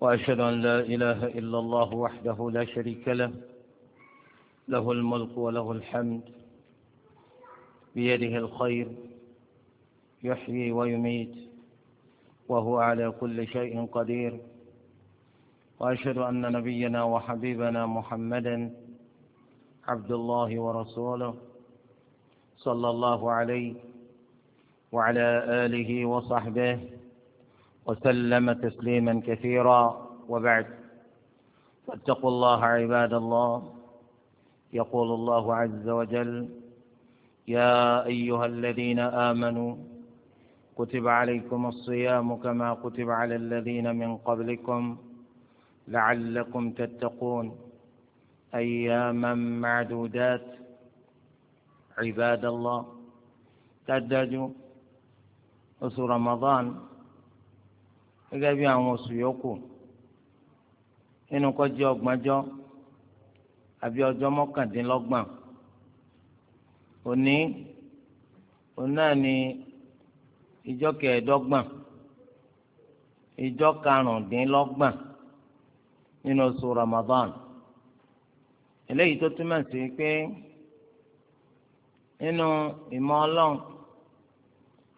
وأشهد أن لا إله إلا الله وحده لا شريك له له الملك وله الحمد بيده الخير يحيي ويميت وهو على كل شيء قدير وأشهد أن نبينا وحبيبنا محمدا عبد الله ورسوله صلى الله عليه وعلى آله وصحبه وسلم تسليما كثيرا وبعد فاتقوا الله عباد الله يقول الله عز وجل يا أيها الذين آمنوا كتب عليكم الصيام كما كتب على الذين من قبلكم لعلكم تتقون أياما معدودات عباد الله تعددوا أسر رمضان gẹ́gẹ́ bí àwọn oṣù yòókù nínú kọjá àbí ọjọ́ mọ́kàndínlọ́gbọ̀n òní òun náà ni ìjọ kẹẹ̀ẹ́dọ́gbọ̀n ìjọ karùndínlọ́gbọ̀n nínú oṣù Ramadan eléyìí tó túmọ̀ sí pé nínú ìmọ̀ ọlọ́run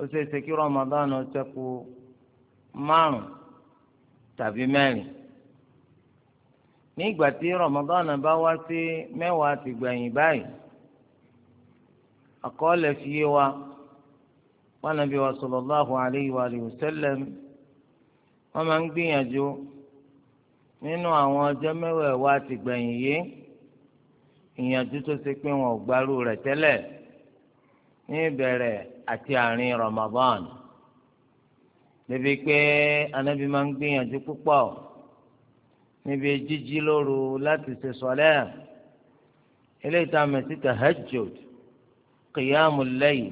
ó ṣe Ramadan ó ṣẹ́kù. márùn tàbí mẹ́rin ní ìgbà tí rọmọdọ́nà bá wá sí mẹ́wàá ti gbẹ̀yìn báyìí àkọọ́lẹ̀ fi yé wa wọn nàbí wa sallallahu alayhi wa sallam wọn máa ń gbìyànjú nínú àwọn ọjọ́ mẹ́wàá wa ti gbẹ̀yìn yìí ìyànjú tó ṣe pé wọn ò gbárù rẹ̀ tẹ́lẹ̀ ní ìbẹ̀rẹ̀ àti àárín rọmọdọ́nà. débi pé anabi máa ń gbìyànjú púpọ̀ níbi jíjí lóru láti ṣe sọlẹ́ eléyìí tá a mọ̀ sí tahajjud qiyamul layl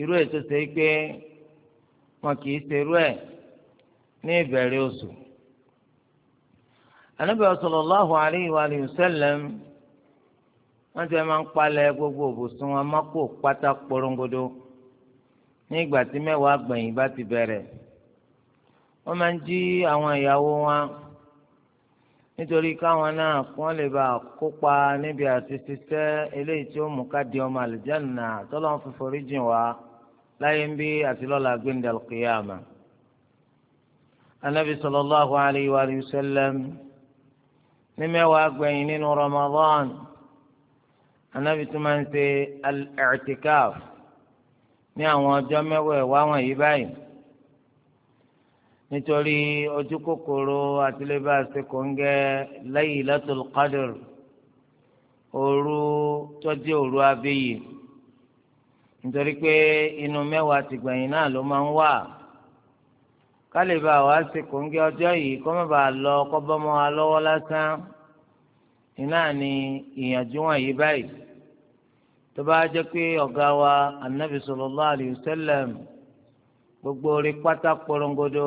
irú ẹ̀ tó ṣe é pé wọn kì í ṣerú ẹ̀ ní ìbẹ̀rẹ̀ oṣù anabi sallallahu alayhi wa sallam wọ́n ti máa ń palẹ̀ gbogbo òbùsùn wọn pátá porongodo ní ìgbà tí mẹ́wàá gbẹ̀yìn bá ti bẹ̀rẹ̀ wọ́n máa ń jí àwọn ìyàwó wọn nítorí káwọn náà kún lè bá kópa níbi àti ṣiṣẹ́ eléyìí tí ó mú ká di ọmọ àlùjánnà tọ́lọ́n fi forí jìn wá láyé ń bí àti lọ́la gbẹ̀ndẹ̀ kìyàmà. anabi sallallahu alayhi wa sallam ní mẹ́wàá gbẹ̀yìn nínú ramadan anabi tún máa ń ṣe al-i'tikaf ní àwọn ọjọ́ mẹ́wàá wá wọ̀nyí báyìí nítorí ojú kòkòrò àtìlẹ́bà ṣe kò ń gẹ Laylatul Qadr òru tọ́jú òru abẹ́yẹ nítorí pé inú mẹ́wàá ti gbẹ̀yìn náà ló máa ń wà kálíbà wá sí kòńgé ọjọ́ yìí kó má bàa lọ kó bọ́mọ wa lọ́wọ́ lásán iná ni ìyànjú wọn báyìí tó bá jẹ́ pé ọ̀gá wa anabi sallallahu alayhi wa gbogbo orí kpata, korongodo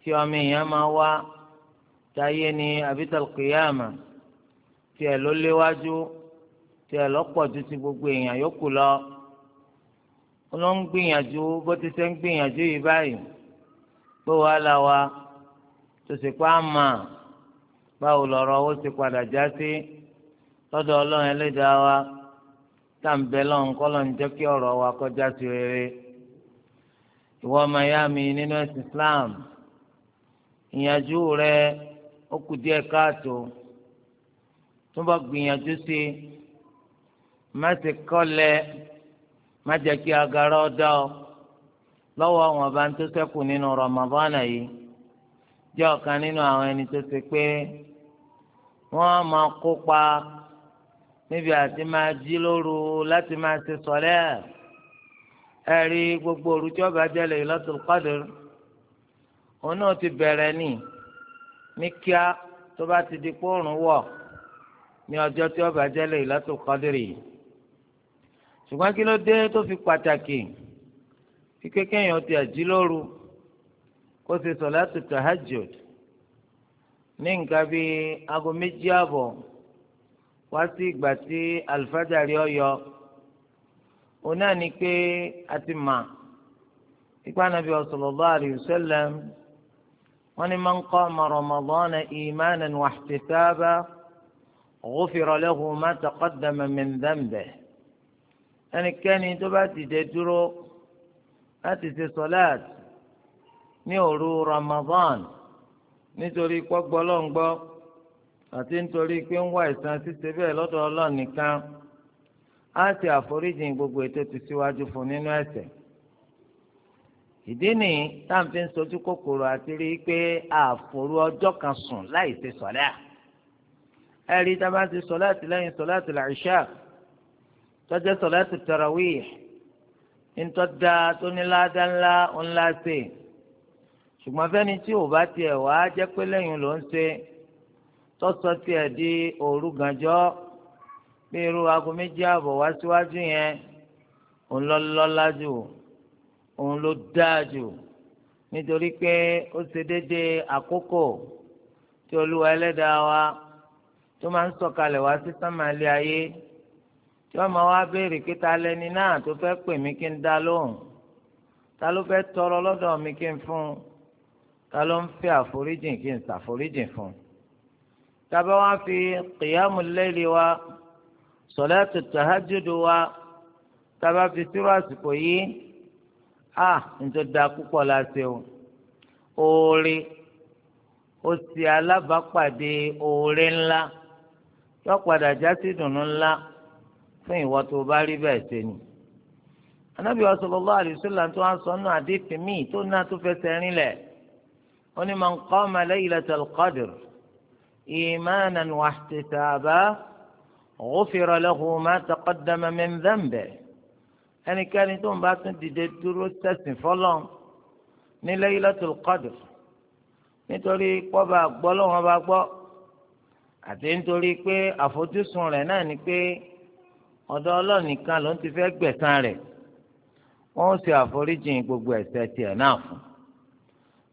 tí ọmọ èèyàn máa wá abital ní abitalkiyama tiẹ̀ ló léwájú ti gbogbo èèyàn yòókù lọ ló ń gbìyànjú bó ti ṣe ń gbìyànjú yìí báyìí pé wàhálà wa tó sì pa á mà báwo ti padà já sí lọ́dọ̀ ọlọ́run ẹlẹ́dàá táǹbẹ̀ lọ́n kọ́lọ́ ń jẹ́ kí ọ̀rọ̀ wa kọjá sí rere ìwọ ọmọ ìyá mi nínú ẹ̀sìn Islam ìyànjú rẹ ó kù díẹ̀ káàtó tó bá gbìyànjú sí má ti kọ́lẹ̀ má jẹ́ kí agara ọ̀dá ọ lọ́wọ́ àwọn ọba tó ṣẹ́kù nínú Ramadana yìí jẹ́ ọ̀kan kópa. níbi àti máa jí lóru láti máa ṣe sọlẹ́ ẹ̀ rí gbogbo òru tí ọba jẹ́ Laylatul Qadr òun náà ti bẹ̀rẹ̀ ní ní kíá tó bá ti di pọ́ọ̀rùn wọ̀ ní ọjọ́ tí ọba jẹ́ Laylatul Qadr yìí ṣùgbọ́n kí ló dé tó fi pàtàkì kí kékèèyàn ti àjí lóru kó ṣe sọ̀látù tahajjud ní nǹkan bíi aago méjì ààbọ̀ wá sí ìgbà tí alifájàrí ọyọ òun náà ni pé a ti mà ipa nàbí sallallahu alayhi wa sallam wọn ni man qama ramadana imanan wa ihtisaba ghufira lahu ma taqaddama min dhanbihi ẹnikẹ́ni tó bá dìde dúró láti ṣe sọláàt ní òru ramadan nítorí pọ́gbọ́lọ́ngbọ́ àti nítorí pé ń wá ìsan ṣíṣe bẹ́ẹ̀ lọ́dọ̀ ọlọ́run nìkan á ti àforíjìn gbogbo ètò ti síwájú fún nínú ẹ̀ṣẹ̀ ìdí nìyí tá à ń fi ń sojú kòkòrò àti rí i pé àforú ọjọ́ kan sùn láì ṣe sọ̀lá ẹ̀rí dábàá ti sọ̀lá àtìlẹ́yìn sọ̀lá àtìlẹ́yìnṣá tọ́jẹ́ sọ̀lá ti tàràwí ńtọ́ da tó ní ládá ńlá ńlá ṣe ṣùgbọ́n fẹ́ni tí ò bá tiẹ̀ wá jẹ́ pé lẹ́yìn ló ń ṣe tọ́sọ tiẹ̀ di òru gànjọ́ bí irú aago méjì ààbọ̀ wá síwájú yẹn òun ló lọ́lá jù òun ló dáa jù nítorí pé ó ṣe déédéé àkókò tí olúwa ẹlẹ́dàá wa tó máa ń sọ̀kalẹ̀ wá sí sánmàlẹ́ ayé tí wọ́n máa wá béèrè pé ta lẹni náà tó fẹ́ pè mí kí n dá lóhùn ta ló fẹ́ tọrọ lọ́dọ̀ mi kí n fún un ta ló ń fẹ́ àforíjìn kí n ṣàforíjìn fún un tàbí wọn fi qiyamul layli wa salatu tahajjud wa tàbí fi sírò àsìkò yìí a nítorí da púpọ̀ láti o oore ó sì alábàápàdé oore ńlá yóò padà já sí ìdùnnú ńlá fún ìwọ tó bá rí bẹ́ẹ̀ ṣe ni anabi wa sallallahu alayhi wa sallam tó wá sọ nù àdéhùn míì tó náà tó fẹsẹ̀ rinlẹ̀ ó ní man qama laylatal qadr. إيمانا واحتسابا غفر له ما تقدم من ذنبه أنا كان توم باتن تدتر وتسن فلان ní Laylatul Qadr nítorí kọ́ba gbọ́ lọ́wọ́n bá gbọ́ àti nítorí pé àfojúsùn rẹ̀ náà ni pé ọ̀dọ̀ Ọlọ́run nìkan ló ń ti fẹ́ gbẹ̀san rẹ̀ wọ́n ṣe àforíjìn gbogbo ẹ̀ṣẹ̀ tiẹ̀ náà fún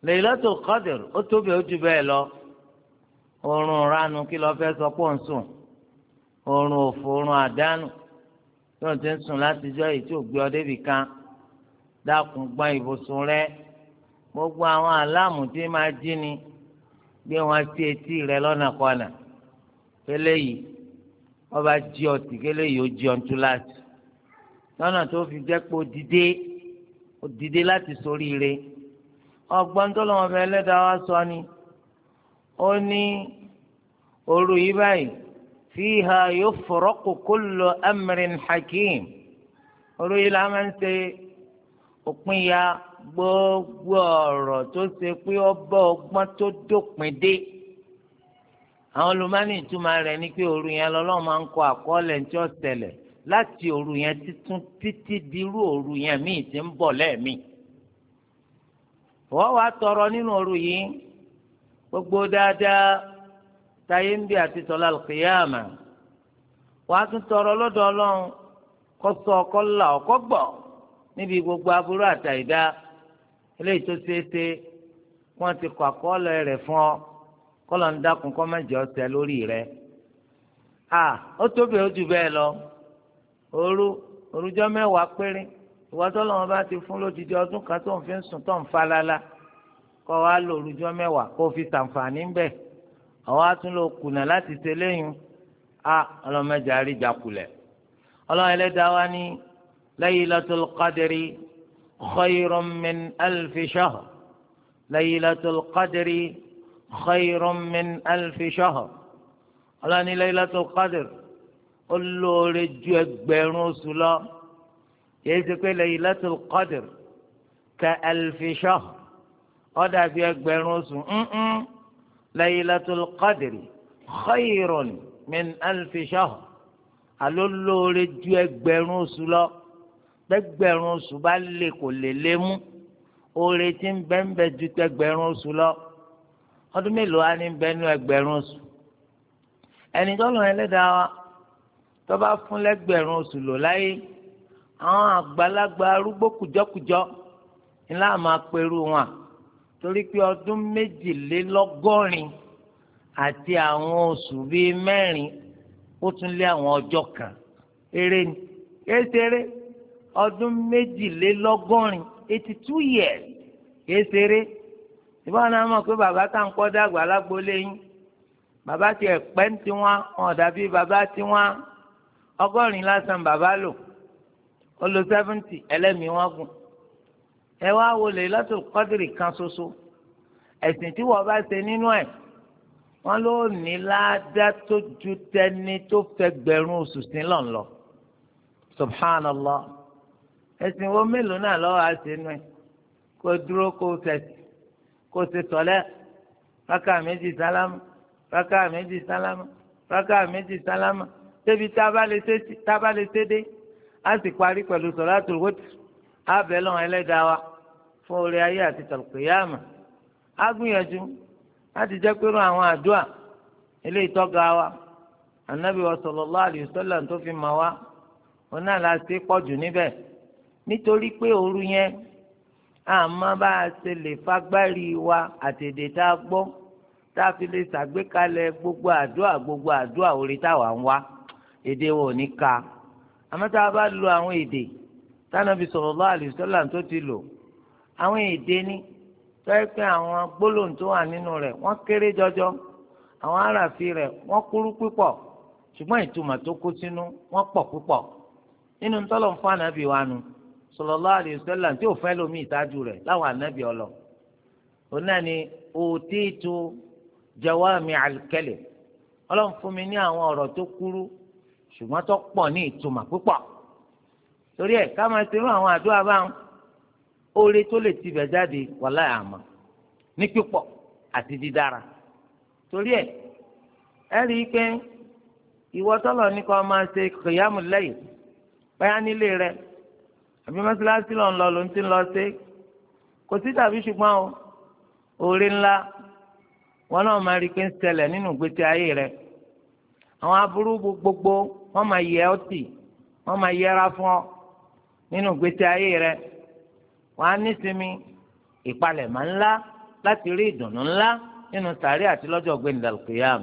Laylatul Qadr ó tóbi ó bẹ́ẹ̀ lọ oorun ranu kí lọ fẹ́ sọ pọ̀ ń sùn oorun òfò oorun àdánù tí wọ́n ti ń sùn látijọ́ èyí tí ò gbé ọ débì kan dákun gbọ́n ibùsùn rẹ gbogbo àwọn aláàmù tí máa jí ni gbé wọn sí etí rẹ lọ́nà kọ́nà kélé yìí wọ́n bá jí ọ kélé yìí ó jí ọ láti lọ́nà tó fi jẹ́ pé ó dìde ó dìde láti soríire ọgbọ́n tó lọ́wọ́ fẹ́ lẹ́dàá wá sọ ni. So ó ní òru yìí báyìí fiha kókó kullu amrin hakim òru yìí la máa ń ṣe òpin ya gbogbo ọ̀rọ̀ tó ṣe pé ó bọ́ ọgbọ́n tó dópin dé àwọn olùmọ́ni ìtumọ̀ rẹ̀ ni pé òru yẹn lọ́lọ́ máa ń kọ àkọọ́lẹ̀ tí ó láti òru yẹn títún títí dirú òru yẹn míì ti ń bọ̀ lẹ́ẹ̀mí. wọ́n wá tọrọ nínú òru yìí gbogbo dáadáa táyé ń bí àti tọ́lá kìyàmà wàá tún tọrọ lọ́dọ̀ ọlọ́run kó sọ níbi gbogbo aburú àtàìdá eléyìí tó wọ́n ti kọ àkọọ́lẹ̀ rẹ̀ fún ọ kọ́lọ̀ ń dákun kọ́ má jẹ́ ọ̀sẹ̀ lórí rẹ̀ à ó tóbi ó bẹ́ẹ̀ lọ òru ti fún lójijì ọdún kọ́ wa lò olùjọ́ mẹ́wàá kó fi ṣàǹfààní ń bẹ̀ àwọn atún ló kùnà láti ṣe lẹ́yìn a ọlọ́mọdé àríjà kulẹ̀ ọlọ́run ẹlẹ́dàá wa ní laylatul qadri khayrun min alfi shahr laylatul qadri khayrun min alfi shahr ọlọ́run ní laylatul qadri ó ju ẹgbẹ̀rún oṣù lọ yẹ́n ti pé laylatul qadri ka alfi shahr ọdà bíi ẹgbẹ̀rún oṣù ńǹ Laylatul Qadri khayrun min alfi shahr àló lóore ju ẹgbẹ̀rún oṣù lọ gbẹgbẹ̀rún oṣù bá lè kò lè lé mú oore tí ń bẹ ń bẹ ju tẹgbẹ̀rún oṣù lọ ọdún mélòó á ní bẹ nú ẹgbẹ̀rún oṣù ẹni tó ẹlẹ́dàá wa tó bá fún lẹ́gbẹ̀rún oṣù lò láyé àwọn àgbàlagbà arúgbó kùjọkùjọ ńlá máa perú wọn torí pé ọdún méjìlélọ́gọ́rin àti àwọn oṣù bíi mẹ́rin ó tún lé àwọn ọjọ́ kan eré ni kéṣeré ọdún méjìlélọ́gọ́rin eighty two years kéṣeré ìbáwọn náà mọ̀ pé bàbá tá à ń kọ́ dàgbà lágboolé yín bàbá tiẹ̀ pẹ́ ń tiwọn wọn dàbí bàbá tiwọn ọgọ́rin lásán bàbá lò ó lo seventy ẹlẹ́mìí wọn gùn ẹ wá wo Laylatul Qadri kan ṣoṣo ẹ̀sìn tí wọ́n bá ṣe nínú ẹ̀ wọ́n ló ní ládàá tó ju tẹni tó fẹgbẹ̀rún oṣù sí lọ́nlọ́ subhanallah ẹ̀sìn wo mélòó náà lọ́wọ́ á ṣe nú ẹ̀ kó dúró kó fẹ̀sì kó ṣe tọ́lẹ̀ rákà méjì sálámù rákà méjì sálámù rákà méjì sálámù débi tá a bá lè ṣe dé a sì parí pẹ̀lú sọ̀rọ̀ àtúrò wọ́tì abẹ́lọ́n ẹlẹ́dàá wa fún orí ayé àti tàlùkìyàmà á gbìyànjú láti jẹ́ pé àwọn àdúrà ilé ìtọ́ga wa anabi wa sallallahu alayhi wa sallam tó fi mà wá òun náà la ṣe pọ̀jù níbẹ̀ nítorí pé òru yẹn àmọ́ bá a ṣe lè fagbárí wa àtẹ̀dẹ̀ tá a gbọ́ tá a fi lè ṣàgbékalẹ̀ gbogbo àdúrà gbogbo àdúrà orí táwa ń wá èdè wo ò ní ka àmọ́ tá a bá lo àwọn èdè tánàbí sallallahu alaihi wasallam tó ti lò àwọn èdè ní tọ́yẹ́ pé àwọn gbólóhùn tó wà nínú rẹ̀ wọ́n kéré jọjọ àwọn aráàfin rẹ̀ wọ́n kúrú púpọ̀ ṣùgbọ́n ìtumọ̀ tó kó sínú wọ́n pọ̀ púpọ̀ nínú tọ́lọ̀ fún ànábì wa nu sallallahu alaihi wasallam tí ò fẹ́ lómi ìtajú rẹ̀ láwọn ànábì ọlọ òun náà ni òtítù jawami al ọlọ́run fún mi ní àwọn ọ̀rọ̀ tó kúrú ṣùgbọ́n tó pọ̀ ní ìtumọ̀ púpọ̀ torí ẹ̀ ká máa ṣerú àwọn àdúrà báwọn oore tó lè tibẹ̀ jáde wàhálà àmọ́ ní pípọ̀ àti dídára torí ẹ̀ ẹ rí i pé ìwọ tọ́lọ̀ ní kó máa ṣe kìyàmù lẹ́yìn báyà nílé rẹ àbí mọ́sálásí lọ́n lọ ló ń ti lọ sí kò sí tàbí ṣùgbọ́n o oore ńlá wọn náà máa rí i pé ń ṣẹlẹ̀ nínú ìgbésí ayé rẹ àwọn aburú gbogbo wọn máa yẹ ọtí wọn máa yẹra fún ọ nínú ìgbésí ayé rẹ wàá nísinmi ìpalẹ̀mọ́ ńlá láti rí ìdùnnú ńlá nínú sàárẹ̀ àti lọ́jọ́ gbẹ̀ndàl kìyàm.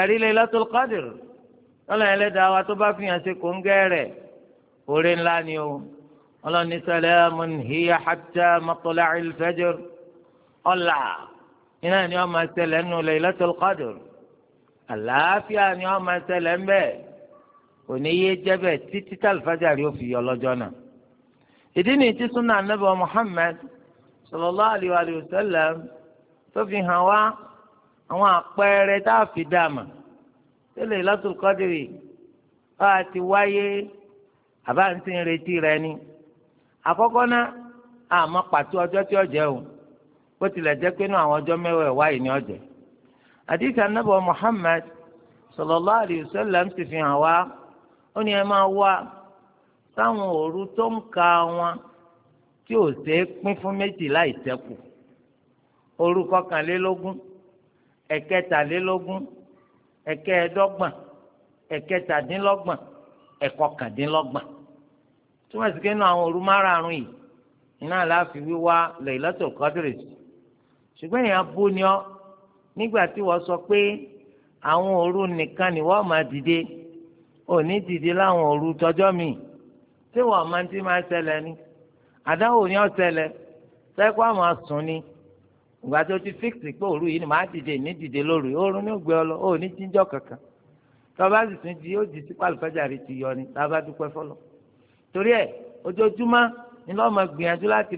ẹ̀rí Laylatul Qadr lọ́la ẹlẹ́dàá wa tó bá fi hàn sí kóńgẹ́ rẹ̀ oore ńlá ni o ọlọ́ni salamun hiya hatta matla'il fajr ọ̀là iná ni wọ́n máa ṣẹlẹ̀ nù Laylatul Qadr àlàáfíà ni wọ́n máa ṣẹlẹ̀ ń òní yé jẹ́ títí tàlùfájàrí fi yọ náà ìdí ni tí anábọ̀ Muhammad sallallahu alaihi wa sallam tó fi hàn wá àwọn àpẹẹrẹ tá a fi a mà bá a ti wáyé ń ti retí rẹ ni àkọ́kọ́ náà àmọ́ pàtó ọjọ́ tí ó o bó tilẹ̀ Muhammad sallam ti fi ó ní ẹ máa wá sáwọn òru tó ń ka wọn tí ò ṣeé pín fún méjì láì ṣẹ́kù òru kọkànlélógún ẹ̀kẹtàlélógún ẹ̀kẹẹ̀dọ́gbọ̀n ẹ̀kẹtàdínlọ́gbọ̀n ẹ̀kọkàndínlọ́gbọ̀n túmọ̀ sí kínú àwọn òru márààrún yìí iná láàfin wíwá Laylatul Qadr ṣùgbọ́n èèyàn bú ni ọ́ nígbà tí wọ́n sọ pé àwọn òru nìkan ni wọ́n máa dìde. òní dìde láwọn òru tọjọ́ mi tí wọ́n máa tí máa ṣẹlẹ̀ ni àdáwò ni ó ṣẹlẹ̀ sẹ́kọ́ àwọn asùn ni ìgbà tó ti fíksì pé òru yìí ni màá dìde ní dìde oorun ní ògbé ọlọ òní jíjọ́ kankan tọ́ba sì di ó di sí pàlùfẹ́jà rí ti yọ ni dúpẹ́ fọlọ́ torí ojoojúmọ́ ni lọ́ọ́ máa gbìyànjú láti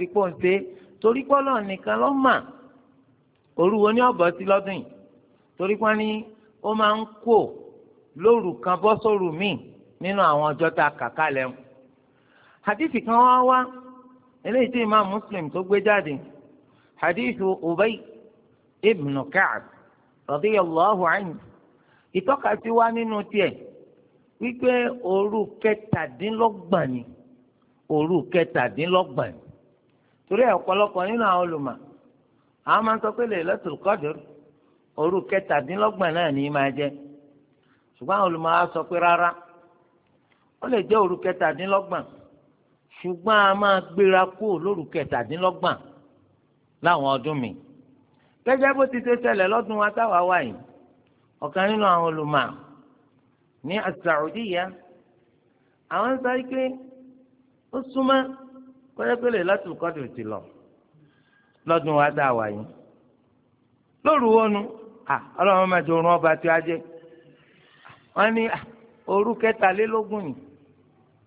wo ni ọ̀bọ̀ sí lọ́dún yìí lóru kan bọ́ sóru míì nínú àwọn ọjọ́ tá a kà ń. hadithi kan wá wá eléyìí tí imaam muslim tó gbé jáde hadithu ibn ka'b radiyallahu anhu ìtọ́kasí wá nínú tiẹ̀ wípé òru kẹtàdínlọ́gbọ̀n ni òru kẹtàdínlọ́gbọ̀n ni torí ọ̀pọ̀lọpọ̀ nínú àwọn olùmọ̀ àwọn máa ń sọ pé lè lọ́tò kọ́dùrú òru kẹtàdínlọ́gbọ̀n náà ni máa ṣùgbọ́n àwọn olùmọ̀ á sọ pé rárá ó lè jẹ́ òru kẹtàdínlọ́gbọ̀n ṣùgbọ́n a máa gbéra kúrò lóru kẹtàdínlọ́gbọ̀n láwọn ọdún mi gẹ́gẹ́ bó ti ṣe ṣẹlẹ̀ lọ́dún wa táwa wà yìí ọ̀kan nínú àwọn olùmọ̀ ní Saudiya àwọn sọ pé ó súnmọ́ kọ́yẹ́pẹ́lẹ̀ láti kọ́dù ti lọ lọ́dún wa táwa yìí lóru wọnú ọlọ́run máa orun ọba tí a jẹ́ wọ́n ní ah, òru kẹtàlélógún ni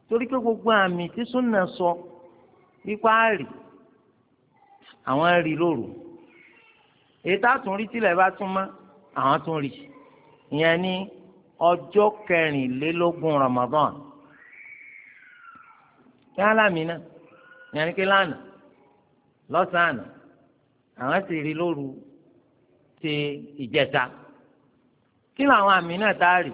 torí pé gbogbo àmì tí súnà sọ nípa àrì àwọn rí lóru èyí tá a tún rí tilẹ̀ bá tún mọ́ àwọn tún rí ìyẹn ní ọjọ́ kẹrìnlélógún Ramadan kí alámi náà ìyẹn ní kí lánàá lọ́sàn-án àwọn sì rí lóru ti ìjẹta kí làwọn àmì náà tá a rí.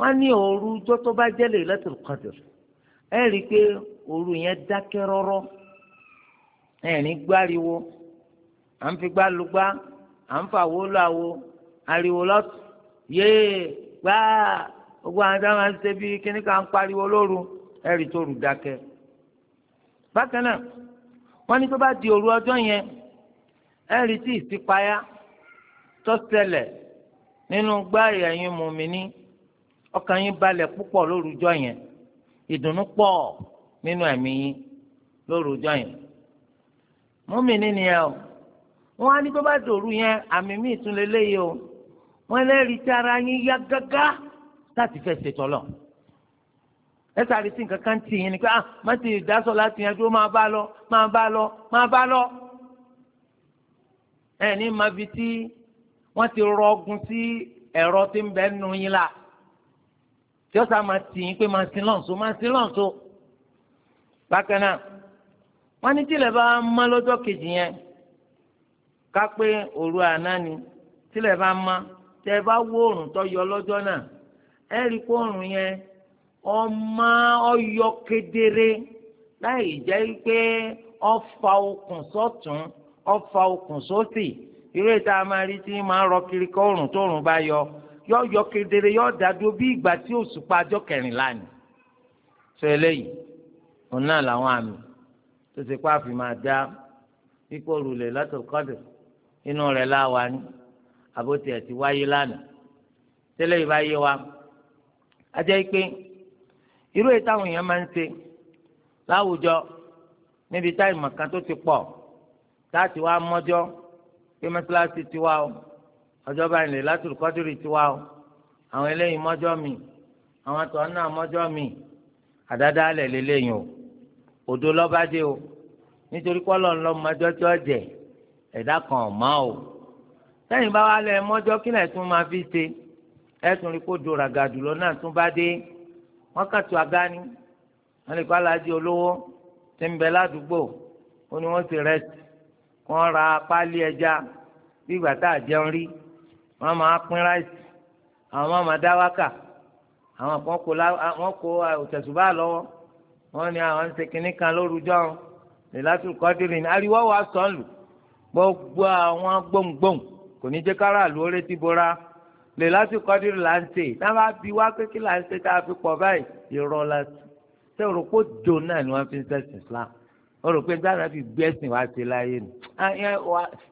wọ́n ní òru ọjọ́ tó bá jẹ́ Laylatul Qadr ẹ rí i pé òru yẹn dákẹ́ rọ́rọ́ ẹ̀rín gbáriwo à ń fi gbá lu gbá à ń fa wo lu àwo ariwo lọ́tù yéé gbáà gbogbo àwọn tí wọ́n ṣe bí kíní kan pariwo lóru ẹ rí i tó rù dákẹ́ bákan náà wọ́n ní tó bá di òru ọjọ́ yẹn ẹ rí i tí ìsípayá tó ṣẹlẹ̀ nínú gbá ìyẹn mùmíní ọkàn yín balẹ̀ púpọ̀ lórúkọ yẹn ìdùnnú pọ̀ nínú ẹ̀mí yín lórúkọ yẹn mùmínì nìyẹn o wọn á ní tó bá dòru yẹn àmì míì tún lè léyìí o wọn lẹ́rìí tí ara yín yá gágá láti fẹ́ ṣètò lọ ẹ sáré sí nǹkan kan tì yín ni pé ah má ti dásọ láti yẹn dúró máa bá lọ máa bá lọ máa bá lọ ẹ ní ma fi tí wọ́n ti rọ ọgùn sí ẹ̀rọ tí ń bẹ nù yín la. tí ó sá máa tì yín pé máa sin lọ́nso máa sin lọ́nso bákan náà wọ́n ní tílẹ̀ bá má lọ́jọ́ kejì yẹn ká pé òru àná ni tílẹ̀ bá tẹ bá wo oòrùn tó yọ lọ́jọ́ náà ẹ rí oòrùn yẹn kedere láì jẹ́ pé ọfà okùn ọfà okùn sósì ìrètà máa rí tí máa rọ kiri oòrùn yọ yọ yọ kedere yọ dàdúró bí ìgbà tí òṣùpá ọjọ́ kẹrìnlá ni sọ eléyìí òun náà làwọn àmì tó ti pa àfi máa dá pípọ̀ rúlẹ̀ látòkọ́dù inú rẹ̀ láwa ní àbótí ẹ̀ ti wáyé lánàá tẹ́lẹ̀ yìí bá yé wa ajẹ́ pé irú èyí táwọn èèyàn máa ń ṣe láwùjọ níbi táìmọ̀ kan tó ti pọ̀ táà ti wá mọ́jọ́ pé mọ́ṣáláṣí ti wá o ọjọ́ báyìí lè látùrú kọ́dúrì tiwa o àwọn eléyìí mọ́jọ́ mi àwọn tó náà mọ́jọ́ mi àdáda lẹ̀ lélẹ́yìn o òdo lọ́bàdé o nítorí kọ́lọ̀ ńlọ mọ́jọ́ tí ó jẹ ẹ̀dá kan ọ̀ má o sẹ́yìn bá wà lẹ̀ mọ́jọ́ kí lẹ̀ tún máa fi ṣe ẹ̀ rí kó do ràgàdù náà tún bá dé wọ́n kà tó aga ni wọ́n lè kọ́ alájí olówó tí ń bẹ ládùúgbò ó ní wọ́n ti rẹ̀ kọ́ ra pálí ẹja bí ìgbà tá a jẹun rí wọ́n máa pín ráìsì àwọn máa máa dá wákà àwọn kan kó wọ́n kó òtẹ̀sùbá lọ́wọ́ wọ́n ní àwọn ń ṣe kinní kan lórúkọ wọn lèlátù kọ́dírì ní ariwo wa sàn lù gbogbo àwọn gbòǹgbòǹ kò ní jẹ́ kára lu orí ti bora lèlátù kọ́dírì là ń ṣe náà bí wá kékeré là ń ṣe tá fi pọ̀ báyìí ìrọ̀ la ṣe rò pé jò náà ni wọ́n fi ń ṣẹ̀sìn Islam ó rò fi gbẹ́sìn wá sí láyé nù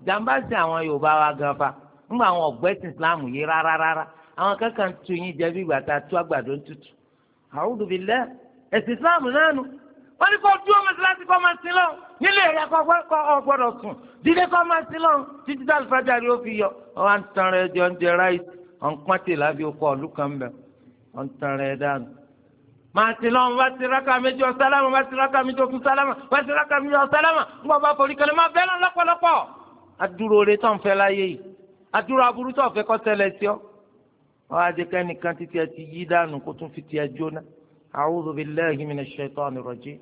jàǹbá sí àwọn Yorùbá wa gan fa ńgbà àwọn ọ̀gbẹ́sìn islam yìí rárá rárá àwọn kankan tu yín jẹ bí ìgbà tá a tú àgbàdo tútù àwùjọ bíi lẹ ẹ̀sìn islam náà nu wọ́n ní kó dúró mọ́sálásí kọ́ máa sin lọ́hùn nílé rẹ̀ kọ́ ọgbọ́dọ̀ sùn dídé kọ́ máa sin lọ́hùn títí tá alifájà rí ó fi yọ ọ̀hún àtúntàn rẹ̀ jọ ń jẹ ráìsì ọ̀n pọ́ńtì lábẹ́ okọ̀ ọ̀lú kan bẹ̀ ọ̀n tàn rẹ̀ dànù. máa sin lọ́hùn wá sí rákà méjì ọ̀sálámà wá sí rákà méjì òkú sálámà wá sí rákà méjì ọ̀sálámà ńgbọ́ bá forí kẹlẹ́ máa bẹ́ẹ̀ lọ́pọ̀lọpọ̀ adúrò aburú tó ọ̀fẹ́ kọ́ tẹ́lẹ̀ sí ọ. wọ́n á jẹ́ kẹ́nìkan títí ẹ ti yí dànù kó tún fi ti ẹ jóná. a'udhu billahi minash shaitani rajim.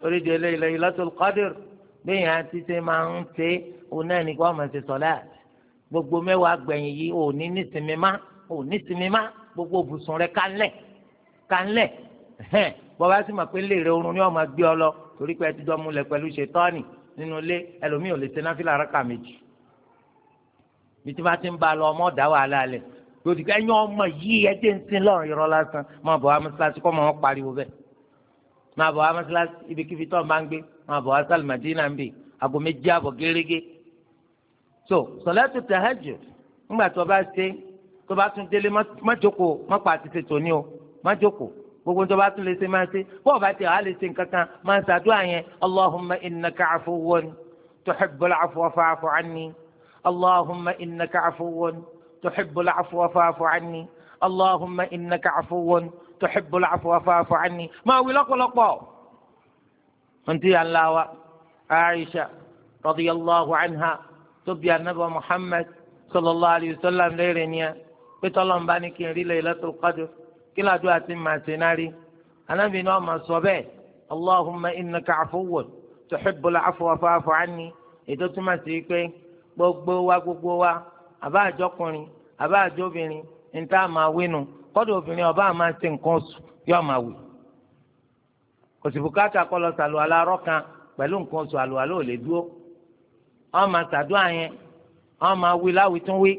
torí de ilé ilẹ̀ Lailatul Qadr bẹ́ẹ̀ yẹn ti ṣe máa ń ṣe òun náà ní kó ọmọ ṣe sọ̀lá. gbogbo mẹ́wàá gbẹ̀yìn yìí ò ní nísinmi má ò nísinmi má gbogbo bùsùn rẹ̀ kánlẹ̀ kánlẹ̀ bọ́ba sì mọ̀ pé léèrè oorun ni ọmọ gbé ọ lọ torí pé ẹ ti dọ́mulẹ̀ pẹ̀lú ṣètọ́ni nínú ilé ẹlòmíì ò lè ṣe náfìlà rákà méjì bí tí bá ti ń ba lọ ọmọ dá wàhálà lẹ̀ lòdì ká ẹ̀yin ọmọ yìí ẹ̀jẹ̀ ń sin lọ́rùn irọ́ lásán máa bọ̀ wá mọ́sálásí kọ́ máa pariwo bẹ́ẹ̀ máa bọ̀ wá mọ́sálásí ibikíbi tó máa ń gbé máa bọ̀ wá sálmàdínà ń bè àgọ́ méjì àbọ̀ gérégé. so sọlẹ́tù tahajjud ńgbà tó bá ṣe tó bá tún délé má jókòó má pa àti ṣètò ní o má jókòó gbogbo tó bá tún lè ṣe máa ṣe bó o bá ti lè ṣe nǹkan kan máa ṣàdúrà yẹn allahumma innaka afuwwun tuhibbul afwa fa'fu anni اللهم إنك عفو تحب العفو فاعف عني اللهم إنك عفو تحب العفو فاعف عني ما ولق لقوا أنت يا الله عائشة رضي الله عنها تبيا النبي محمد صلى الله عليه وسلم ليرنيا بتلون باني كيري ليلة القدر كلا دعاء ما سيناري أنا بنوم صبي اللهم إنك عفو تحب العفو فاعف عني إذا تمسكين gbogbo wa gbogbo wa àbá àjọkùnrin àbá àjọbìnrin ní tá a máa wínu kọ́dọ̀ obìnrin ọba àmà ṣe nǹkan oṣù yóò máa wì kò sì bùkátà kọ́ lọ sàlù alárọ́ kan pẹ̀lú nǹkan oṣù àlùwàlá ò lè dúró wọ́n máa ṣàdúrà yẹn wọ́n máa wí láwùí tún wí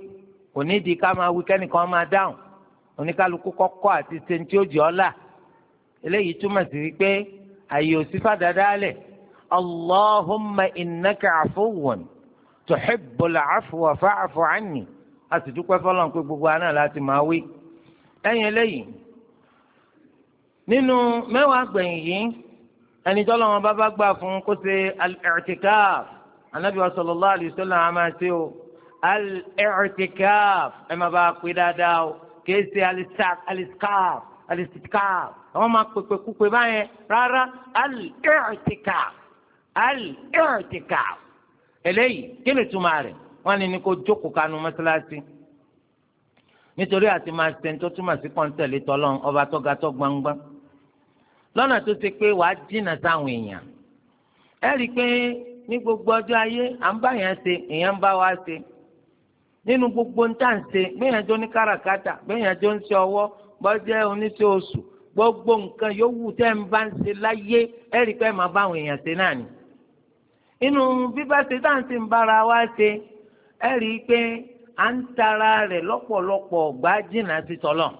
kò ní di ká máa wí kẹ́nìkan máa dáhùn oníkálukú kọ́kọ́ àti sentí ó jẹ́ ọ́là eléyìí túmọ̀ sí wípé àyè òsínfà lẹ̀ allahumma innaka afuwun tuhibbul afwa fa'fu anni a sì dúpẹ́ fọlọ́n pé gbogbo aná láti máa wí. ẹ̀yin eléyìí nínú mẹ́wàá gbẹ̀yìn yìí ẹni tọ́lọ́ wọn bá bá gbà fún kó ṣe al-i'tikaf anabi wa sallallahu alayhi wa sallam a máa ṣe o al-i'tikaf ẹ máa bá a pè dáadáa o kìí ṣe al-i'tikaf al-i'tikaf àwọn máa pèpè kúpè báyẹn rárá al-i'tikaf al-i'tikaf. eléyìí kí ni túmọ̀ rẹ̀ wọ́n kanu mọ́sálásí nítorí àti máa ṣe tó túmọ̀ sí kọ́ńtẹ̀lì ọba tọ́ga tó gbangba lọ́nà tó ṣe pé wàá jìnnà sáwọn èèyàn ẹ rí i pé ní gbogbo ọjọ́ ayé à ń bá yẹn ṣe èèyàn ń bá wa ṣe gbogbo ń tà ń ṣe gbẹ̀yàn tó ní gbẹ̀yàn tó ń ṣe ọwọ́ gbogbo nǹkan yòówù tẹ́ ń bá ń ṣe láyé ẹ rí i pé màá inú bíbá ṣe tá à ń ti ń bára wa ṣe ẹ rí i pé à ń tara rẹ̀ lọ́pọ̀lọpọ̀ gbá jìnnà sí tọ́lọ̀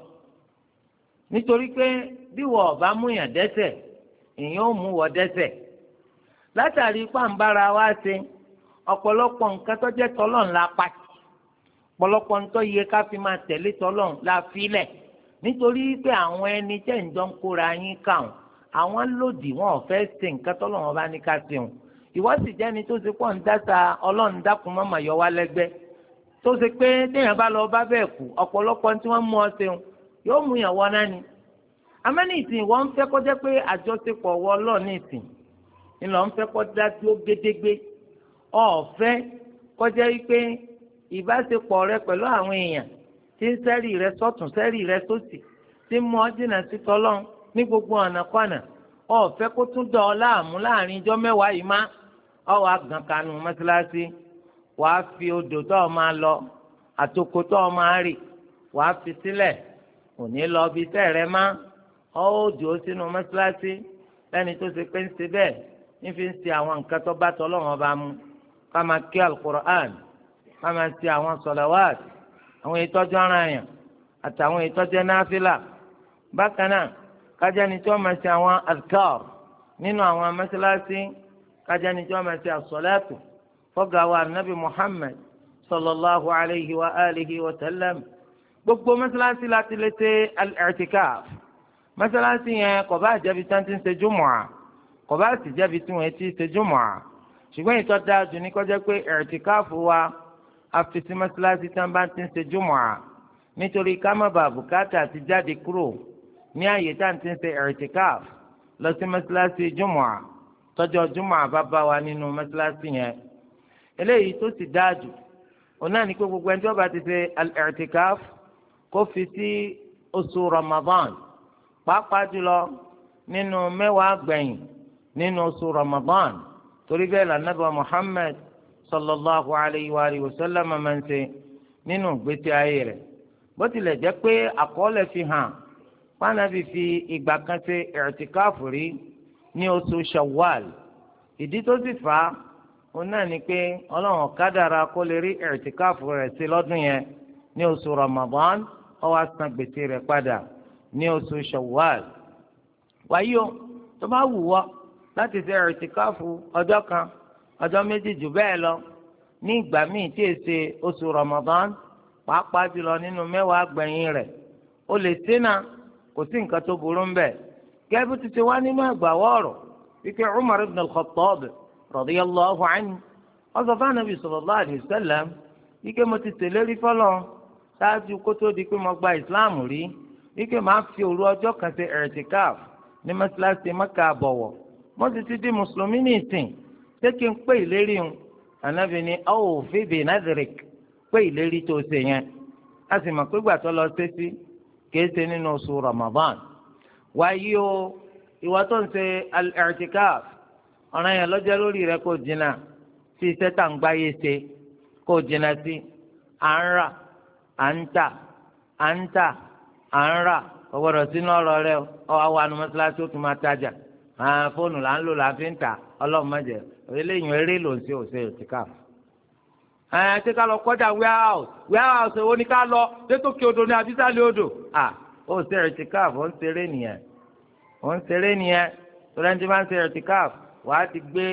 nítorí pé bí wọ́n ọ̀bá múyàn dẹ́sẹ̀ èèyàn ò mú wọ́n dẹ́sẹ̀ látàrí ipá ń bára wa ṣe ọ̀pọ̀lọpọ̀ nǹkan tó jẹ́ tọ́lọ̀ ńlá pàtì ọ̀pọ̀lọpọ̀ nǹkan yẹ ká fi máa tẹ̀lé tọ́lọ̀ la filẹ̀ nítorí pé àwọn ẹni tẹ́ ń jọ ń kóra yín káwọn àwọn lòdì wọn ò fẹ́ ṣe nǹkan tọ́lọ̀ wọn bá ní ká ṣeun ìwọ sì jẹni tó ṣe pọ̀ ń dáta ọlọ́run dákun mọ́mà yọ wá lẹ́gbẹ́ tó ṣe pé téèyàn bá lọ bá bẹ́ẹ̀ kú ọ̀pọ̀lọpọ̀ tí wọ́n mú ọ ṣeun yóò mú yàn wọ ni wọ́n ń fẹ́ pé àjọṣepọ̀ wọ ni lọ́n ń fẹ́ tí rẹ pẹ̀lú àwọn èèyàn tí ń sẹ́rì rẹ sọ́tún sẹ́rì rẹ sósì tí mú ọ sí ní gbogbo ọ̀ọ́fẹ́ kó tún dọ̀ ọ́ láàmú láàrin ọ wàá gàn kanu mọ́sálásí wàá fi odò tó o máa lọ àtòkò tó o máa rì wàá fi sílẹ̀ òní lọ bí tẹ̀rẹ̀ má ọ ó dùn ó sínú mọ́sálásí lẹ́ni tó ṣe pé ń ṣe bẹ́ẹ̀ ní fi ń ṣe àwọn nǹkan tó bá tọ́lọ́wọ́n bá mu ká máa kí alukur'an ká máa ṣe àwọn sọ̀làwáàtì àwọn ìtọ́jú ara yàn àtàwọn ìtọ́jú náfìlà bákan náà kájá ni tí wọ́n máa ṣe àwọn adkar nínú àwọn mọ́sálásí kájá ni tí wọ́n máa ṣe àsọ̀lẹ́tù fọ́gà wa nabi muhammed sallallahu alayhi wa alihi wa sallam gbogbo mọ́sálásí láti lè ṣe al-i'tikaf mọ́sálásí yẹn kò bá jẹ́bi tí wọ́n ti ń ṣe jùmọ̀à kò bá sì jẹ́bi tí wọ́n ti ń ṣe jùmọ̀à ṣùgbọ́n ìtọ́ dáa jù kọjá pé i'tikaf wa àfisí mọ́sálásí tí wọ́n bá ti ń ṣe jùmọ̀à nítorí ká bùkátà ti jáde kúrò ní àyè tí wọ́n ti ń ṣe i'tikaf lọ sí mọ́sálásí jùmọ̀à tọ́jọ́ júmọ̀ àbábá wa nínú mọ́sálásí yẹn eléyìí tó ti dáa jù òun náà ní pé gbogbo ẹni tó bá ti ṣe al-i'tikaf kó fi sí oṣù Ramadan pàápàá jùlọ nínú mẹ́wàá gbẹ̀yìn nínú oṣù Ramadan torí bẹ́ẹ̀ lànàbà Muhammad sallallahu alayhi wa alihi wa sallam máa nínú ìgbésí ayé rẹ̀ bó tilẹ̀ jẹ́ pé àkọọ́lẹ̀ fi hàn pàànàbì fi ìgbà kan ṣe i'tikaf rí. ní oṣù shawwal ìdí tó sì fà á òun náà ni pé ọlọ́run kádàrá kó lè rí rẹ̀ sí lọ́dún yẹn ní oṣù ramadan san gbèsè rẹ̀ padà ní oṣù shawwal wáyé o tó bá wù wọ́ láti ṣe kan ọjọ́ méjì jù lọ ní ìgbà míì tí è ṣe oṣù nínú mẹ́wàá gbẹ̀yìn rẹ̀ o lè kò sí nǹkan gẹ́gẹ́ ti ṣe wá nínú àgbàwọ́ ọ̀rọ̀ wípé Umar ibn al-Khattab radiyallahu anhu ó sọ fún Ànábì sallallahu alayhi wa sallam wípé mo ti tẹ̀lé rí fọ́lọ́ ṣáájú kó tó di pé mo gba Islam rí wípé màá fi òru ọjọ́ kan ṣe ẹ̀rẹ̀tìkáf ní mọ́ṣáláṣí Mẹ́kà àbọ̀wọ̀ mo sì ti di mùsùlùmí ní ìsìn ṣé kí n pé ìlérí hun Ànábì ni awfi bi nadhrik pé ìlérí tó ṣe yẹn a sì mọ̀ pé gbàtọ́ lọ ṣe sí kì ṣe nínú oṣù Ramadan wáyé o ìwà tó ń ṣe al ọ̀ràn yẹn lọ́jọ́ lórí rẹ kò jìnnà sí iṣẹ́ tá à ń gbáyé ṣe kò jìnnà sí à ń rà à ń tà à ń tà à ń rà ọgbọdọ sínú ọ̀rọ̀ rẹ ọ àwọn àánú mọ́ṣáláṣí ó tún máa tajà àwọn fóònù là ń lò là ń fi ń tà ọlọ́run mọ̀jẹ eléyìí eré ló ń ṣe òṣè ká lọ odò ní odò ó ṣe ẹ̀rìtìkáàf ó ń ṣeré nìyẹn ó ń ṣeré nìyẹn torí ẹni tí wọ́n ń ṣe ẹ̀rìtìkáàf wàá ti gbé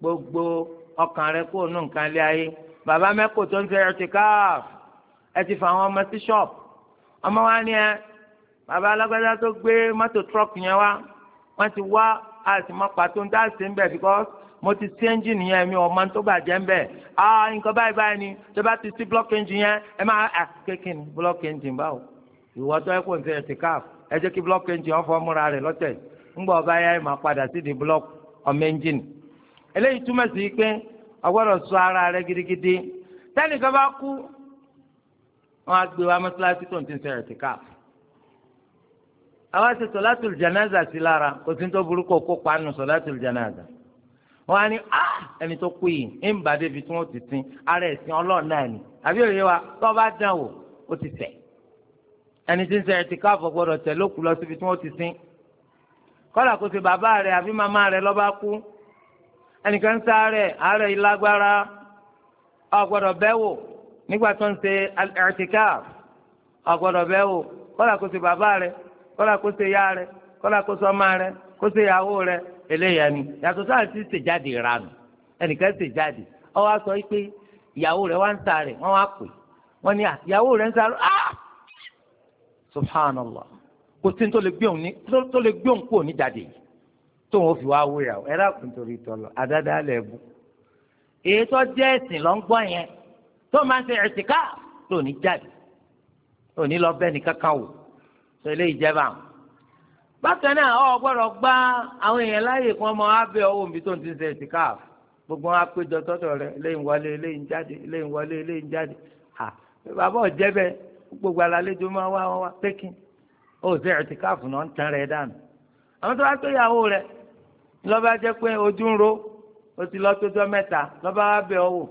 gbogbo ọkàn rẹ kó nù nǹkan lé ayé bàbá mẹ́kò tó ń ṣe ẹ̀rìtìkáàf ẹ ti fà àwọn ọmọ sí ṣọ́ọ̀bù ọmọ wa ni ẹ bàbá alágbádá tó gbé mọ́tò trọ́ọ̀kì yẹn wá wọ́n ti wá àti mọ́ pàtó ń dá sí ń bẹ̀ because mo ti sí ẹ́ńjìnì yẹn mi ò mọ tó bàjẹ́ ń bẹ̀ ah nǹkan báyìí báyìí ni tó bá ti sí blọ́ọ̀kì ẹ́ńjìnì yẹn ẹ máa kékin blọ́ọ̀kì ẹ́ńjìnì báwo ìwọ tó ẹkọ ní ẹtì káf ẹ jẹ́ kí blọọkì ẹnjì ọfọ múra rẹ lọ́tẹ̀ ńgbà ọba yá ẹ máa padà sí di blọọkì ọmọ ẹnjìnì eléyìí túmọ̀ sí pé ọgbọ́dọ̀ ṣọ́ ara rẹ gidigidi tẹ́nìkan bá kú wọn á gbé wa mọ́tíláṣí tó ń ti ń sẹ̀rẹ̀ tì àwọn ṣe sọlátùl janaza sí lára kò sí tó burúkú kó panu sọlátùl janaza wọn á ní ah! ẹni tó kú yìí tí wọn ti sin ara ẹ̀sìn ọlọ́ọ̀ náà ni àbí òye wa tó bá dán wò ó ti ẹni tí ń ṣe ẹtìkáàfọ̀ gbọ́dọ̀ tẹ̀ lókù lọ síbi tí wọ́n ti sin kọ́lá kò sí bàbá rẹ̀ àbí màmá rẹ̀ lọ́ba kú ẹnìkan sáré àárẹ̀ ìlágbára ó gbọ́dọ̀ bẹ́ẹ̀ wò nígbà tó ń ṣe ẹtìkáàf ó gbọ́dọ̀ bẹ́ẹ̀ wò kọ́lá kò sí bàbá rẹ̀ kọ́lá kò sí ya rẹ̀ kọ́lá kò sí ọmọ rẹ̀ kò sí ìyàwó rẹ̀ eléyà ni yàtọ̀ sáà ti ṣèjáde ìranù ẹnìkan ṣèjáde ó wá sọ pé ìyàwó rẹ̀ wá ń sáré wọ́n wá pè wọ́n ní ìyàwó rẹ̀ ń sáré áá ah, subhanallah kò tí tó lè gbé òun ní tó lè gbé òun kúrò ní jáde tó wọn fi wá wéra ẹ dákun torí tọlọ àdáda lẹ bù èyí tó jẹ ẹsìn lọ ń gbọ́ yẹn tó máa ń ṣe ẹsìká tó ní jáde tó ní lọ bẹ ní kankan wò tó ilé ìjẹba àwọn. bákan náà ọ gbọ́dọ̀ gba àwọn èèyàn láàyè kí wọn máa bẹ ọwọ́ òbí tó ń ti ṣe ẹsìká gbogbo wọn á péjọ tọ̀dọ̀ rẹ̀ wọlé lẹ́yìn jáde lẹ́yìn wọlé lẹ́yìn jáde bàbá ọjẹ bẹ́ẹ̀ gbogbo alálejò máa wá wá pékin ó ṣe ẹ̀tìkáàfù náà ń tan rẹ̀ dànù àwọn tó bá pé ìyàwó rẹ̀ lọ́ba jẹ́ pé ojú ń ro ó ti lọ tójọ́ mẹ́ta lọ́ba wá bẹ̀ ọ́ wò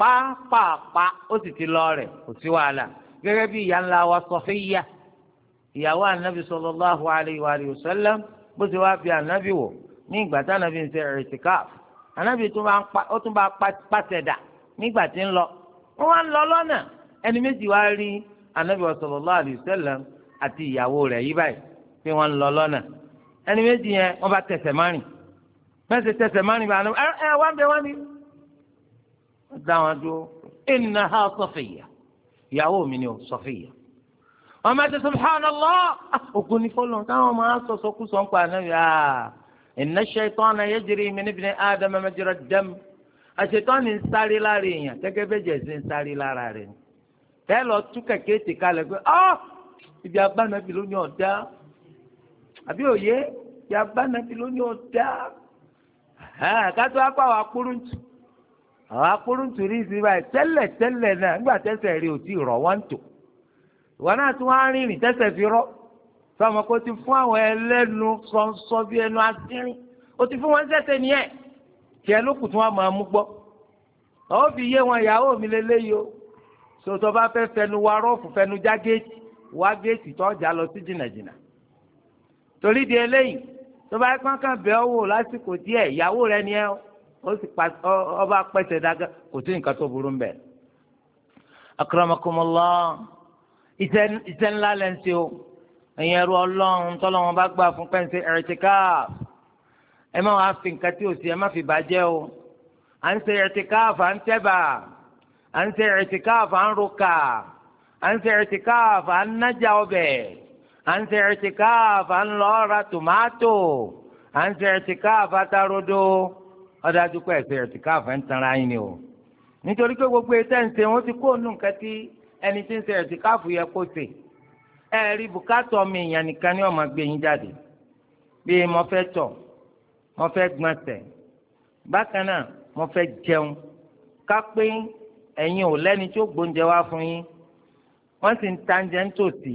pápápá ó sì ti lọ rẹ̀ kò sí wàhálà gẹ́gẹ́ bí ìyá ńlá wa Sọfíyà ìyàwó ànábì bó ti wá fi ànábì wò ní ìgbà tí ànábì ń ṣe anabi sallallahu alayhi wa sallam àti ìyàwó rẹ̀ yí báyìí pé wọ́n ń lọ lọ́nà ẹni méjì yẹn wọ́n bá tẹsẹ̀ márìn mẹsẹ tẹsẹ̀ márìn bá ẹ ẹ wá bẹ wá ní. wọ́n dá wọn dúró innaha Safiyya ìyàwó mi ni o Safiyya ọmọ ẹsẹ subhanallah ogun ah, ní fọlọ táwọn máa sọ sọkúsọ ń pa anabi ah inna ash-shaytana yajri min ibni Adama majra ad-dam àṣetán ni ń sáré lára èèyàn gẹ́gẹ́ bẹ́ẹ̀ jẹ́ sí ń sáré lára rẹ̀ ni tẹ́ lọ tú kẹ̀kẹ́ tì kalẹ̀ pé ọ́ ibi abánabi ló ní ọ̀dá àbí òye ibi abánabi ló ní ọ̀dá kátó apá àwọn akpóròntù àwọn akpóròntù rí sí báyìí tẹ́lẹ̀ tẹ́lẹ̀ náà nígbà tẹ́sẹ̀ rí òtí rọ̀ wọ́n tò ìwọ náà tún wá rìnrìn tẹ́sẹ̀ fi rọ́ sọmọ kó ti fún àwọn ẹlẹ́nu sọ́nsọ́ bí ẹnu asírin ó ti fún wọn sẹ́sẹ̀ nìyẹn tiẹ̀ ló kù tí wọ́n máa mú gbọ́ àwọn sọtọ bá fẹ́ fẹnu wa rọ́ọ̀fù fẹnu já géètì wá géètì tó ọjà lọ sí jìnnàjìnnà torí di eléyìí tó bá yẹ kankan bẹ́ ọ wò lásìkò díẹ̀ ìyàwó rẹ ni ẹ ó sì pa ọba pẹ́sẹ̀ dága kò sí nǹkan tó burú mbẹ́. akramakumullah iṣẹ́ ńlá lẹ́ ń ṣe o ẹ̀yin ẹrú ọlọ́run tọ́lọ́wọ́n bá gbà fún pẹ́ńsẹ̀ ẹ̀rẹ̀tìkáàf ẹ má wàá fi nǹkan tí ò sí ẹ má fi bàjẹ́ o à ń ṣe ẹ̀rẹ̀tìkáàf à ń tẹ́bàá. à ń an roka an ń ṣe ẹ̀tìkáàfù à ń nájà ọbẹ̀ à ń ṣe ẹ̀tìkáàfù atarodo ń lọ ra tòmátò à ń ṣe ẹ̀tìkáàfù o nítorí pé gbogbo ń ṣe ti kó nù nǹkan tí ẹni tí ń ṣe ẹ̀tìkáàfù yẹ kó ṣe ẹ̀rí bùkátọ̀ mi ìyàn nìkan ni ọmọ gbé yín jáde bíi mo ẹ̀yin ò lẹ́ni tí ó gbóúnjẹ wá fún yín wọ́n sì ń ta oúnjẹ ń tòsí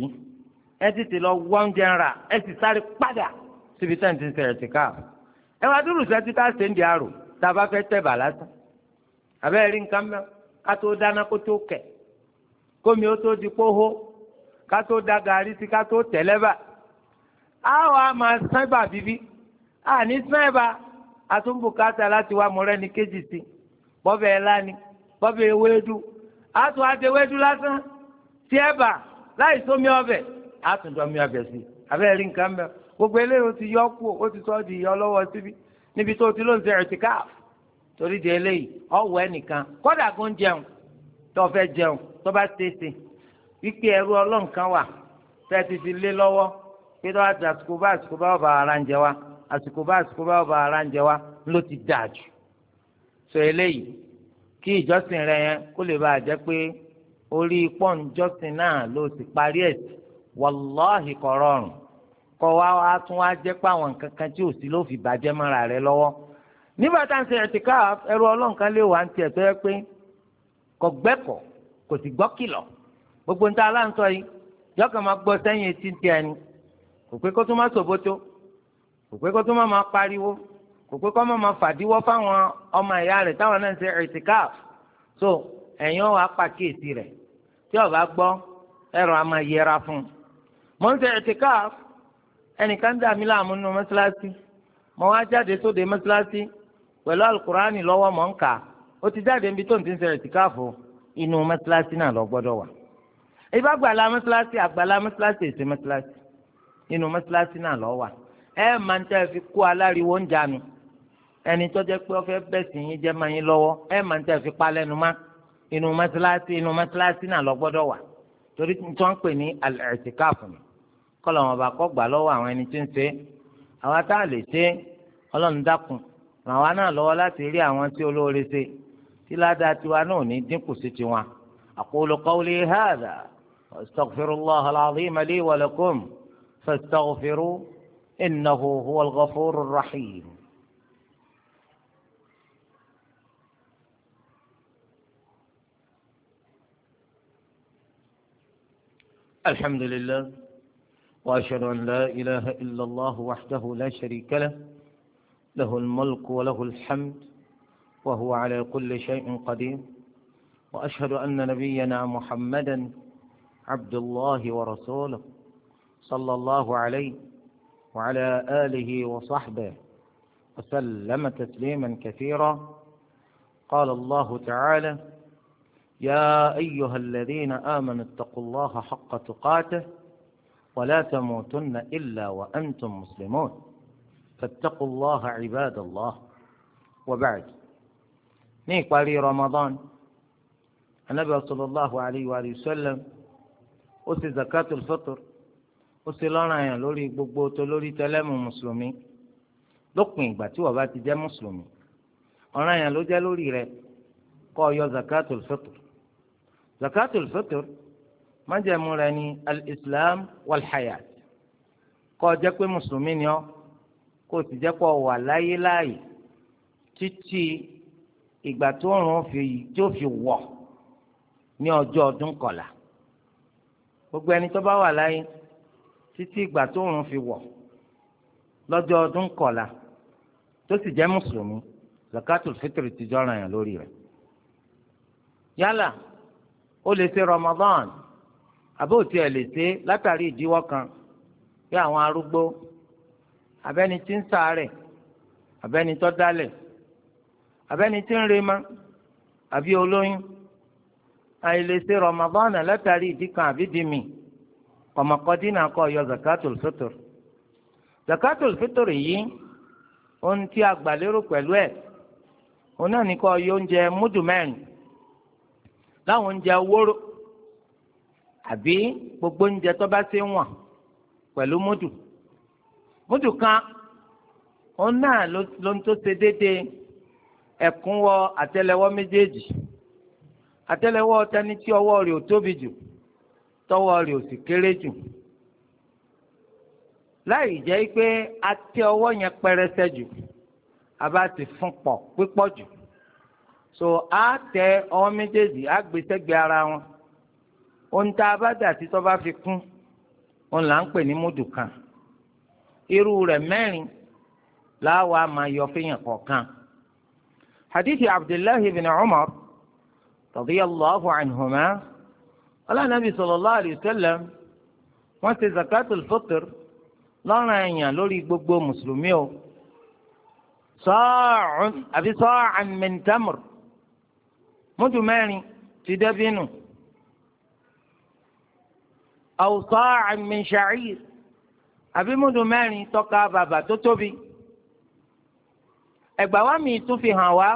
ẹ tètè lọ wá oúnjẹ ń rà ẹ sì sáré padà síbi tẹ́ ń ti sẹ̀rẹ̀ tì káà ẹ wá dúró sẹ́tí ká ṣe ń di àrò tá a bá fẹ́ tẹ̀ bà lásán àbẹ́rẹ́ rí nǹkan mẹ́ ká tó dáná kó tó kẹ̀ kómi ó tó di kóhó ká tó da gàrí sí ká tó tẹ̀lẹ́ bà á wàá máa sán bíbí à ní sán àtúbùkátà láti wá mọ́rẹ́ni kéjì sí bọ́bẹ̀ ẹ̀ lánìí bọ́bẹ̀ ewédú àtún àti ewédú lásán tí ẹ bà láì sómi ọbẹ̀ àtún dọ́mi ọbẹ̀ sí abẹ́rẹ́ rí nǹkan mẹ́rin gbogbo eléyìí ó ti yọ kú ó ti sọ di ìyọ lọ́wọ́ síbi níbi tó ti ló ń ṣe ẹ̀tìkáf torí di eléyìí ọ̀wọ́ ẹnìkan kọ́dà kó ń jẹun tó fẹ́ jẹun tó bá tètè wípé ẹrú ọlọ́run kan wà tẹ́ ti fi lé lọ́wọ́ pé tó bá ti àsìkò bá àsìkò bá ọba ara ń jẹ wá àsìkò bá àsìkò bá ọba ara ń jẹ wá ló ti dáa jù sọ eléyìí kí ìjọsìn rẹ yẹn kó lè bàa jẹ́ pé orí pọ́ǹjọ́sìn náà ló ti parí ẹ̀ sí wàláhì rọrùn kọ́ wa wá tún wá jẹ́ pé àwọn nǹkan kan tí ò sí ló fi bàjẹ́ mọ́ra rẹ lọ́wọ́ nígbà tá à ń ṣe ẹ̀tìká ẹrú ọlọ́run kan lè wà ń tiẹ̀ tó yẹ pé kò gbẹ́kọ̀ kò sì gbọ́ kìlọ̀ gbogbo ń aláǹtọ́ yìí yọkàn máa gbọ́ sẹ́yìn etí tiẹ̀ ni kò pé kó tún má sòbótó kò pé kó tún má má pariwo kò pé kọ́ mọ́ máa fàdíwọ́ fáwọn ọmọ ìyá rẹ̀ táwọn náà ń ṣe ìtìkáf so ẹ̀yin wàá pàkíyèsí rẹ̀ tí ó bá gbọ́ ẹ̀rọ àmọ́ yẹra fún un mọ̀ ń ṣe ìtìkáf ẹnìkan dà mí láàmú nínú mọ́ṣáláṣí mọ̀ wá jáde sóde mọ́ṣáláṣí pẹ̀lú alukurani lọ́wọ́ mọ̀ ń kà ó ti jáde níbi tó ń ti ń ṣe ìtìkáf inú mọ́ṣáláṣí náà lọ gbọ́dọ̀ wà ìbá ẹ máa ń tẹ́ fi kó aláriwo ń jánu ẹni tó jẹ́ pé ọfẹ́ bẹ̀sì yín jẹ́ máa yín lọ́wọ́ ẹ máa ń tẹ̀ fi pa lẹ́nu má inú mọ́tíláṣí inú mọ́tíláṣí náà lọ gbọ́dọ̀ wà torí tó ń pè ní àlẹ́ẹ̀tìkáàfù ni kọ́lọ̀ wọn bá kọ́ gbà lọ́wọ́ àwọn ẹni tí ń ṣe àwa tá a lè ṣe ọlọ́run dákun ràn náà lọ́wọ́ láti rí àwọn tí olóore ṣe tí ládàá tiwa náà ò ní dínkù sí tiwọn. aqulu qawli hadha astaghfirullaha al-azima li wa lakum fastaghfiru الحمد لله وأشهد أن لا إله إلا الله وحده لا شريك له له الملك وله الحمد وهو على كل شيء قدير وأشهد أن نبينا محمدا عبد الله ورسوله صلى الله عليه وعلى آله وصحبه وسلم تسليما كثيرا قال الله تعالى يا أيها الذين آمنوا اتقوا الله حق تقاته ولا تموتن إلا وأنتم مسلمون فاتقوا الله عباد الله وبعد علي رمضان النبي صلى الله عليه وآله وسلم أسي زكاة الفطر أسي لنا لوري بوبوتو لوري تلام مسلمين لقمي باتي وباتي جا مسلمين أنا يا لولي لوري رأي قال يا زكاة الفطر zakatul fitr májẹ̀mú rẹ̀ ni al-islam wal-hayat kó jẹ́ pé mùsùlùmí ni ọ́ kó sì jẹ́ pé wà láyé láàyè títí ìgbà tó rùn tí ó fi wọ̀ ní ọjọ́ ọdún kọlà gbogbo ẹni tó bá wà láyé títí ìgbà tó rùn fi wọ̀ lọ́jọ́ ọdún kọlà tó sì jẹ́ mùsùlùmí zakatul fitr ti jọra yàn lórí rẹ̀ yálà o lè se Ramadan àbí òtí ẹ̀ lè se látàrí ìdíwọ́ kan bí àwọn arúgbó abẹ́ni tí ń ṣàárẹ̀ abẹ́ni tó dálẹ̀ abẹ́ni tí ń rema àbí olóyún se Ramadan látàrí ìdí kan àbí dìmì na kọ yọ zakatul fitr zakatul fitr yìí ohun tí a gbà lérò pẹ̀lú ẹ̀ òun náà múdù mẹ́rin láwọn oúnjẹ wóró àbí gbogbo oúnjẹ tó bá ṣe wọ̀n pẹ̀lú múdù múdù kan òun náà ló ń tó ṣe déédéé ẹ̀kúnwọ́ àtẹ́lẹwọ́ méjèèjì àtẹ́lẹwọ́ tẹni tí ọwọ́ rẹ̀ ò tóbi jù tọwọ́ rẹ̀ ò sì kéré jù láì jẹ́ pé a ọwọ́ yẹn pẹrẹsẹ jù a ti fún pọ̀ pípọ̀ jù so á tẹ ọwọ́ méjèèjì á gbé sẹ́gbẹ̀ẹ́ ara wọn ohun tá a bá dà tí tó bá fi kún òun là ń pè ní múdù kan irú rẹ̀ mẹ́rin láwa máa yọ fihàn kọ̀ọ̀kan hadithi abdullahi bin umar radiyallahu anhuma ọlọ́nàbí sallallahu alayhi wa sallam wọ́n ṣe zakatul fitr lọ́rùn ẹ̀yàn lórí gbogbo mùsùlùmí o sọ́ọ̀cún àbí sọ́ọ̀cún min múdù mẹ́rin ti dẹ́bínù awsa'an min sha'ir àbí múdù mẹ́rin tọ́ka bàbà tó tóbi ẹ̀gbà wa mi tún fi hàn wá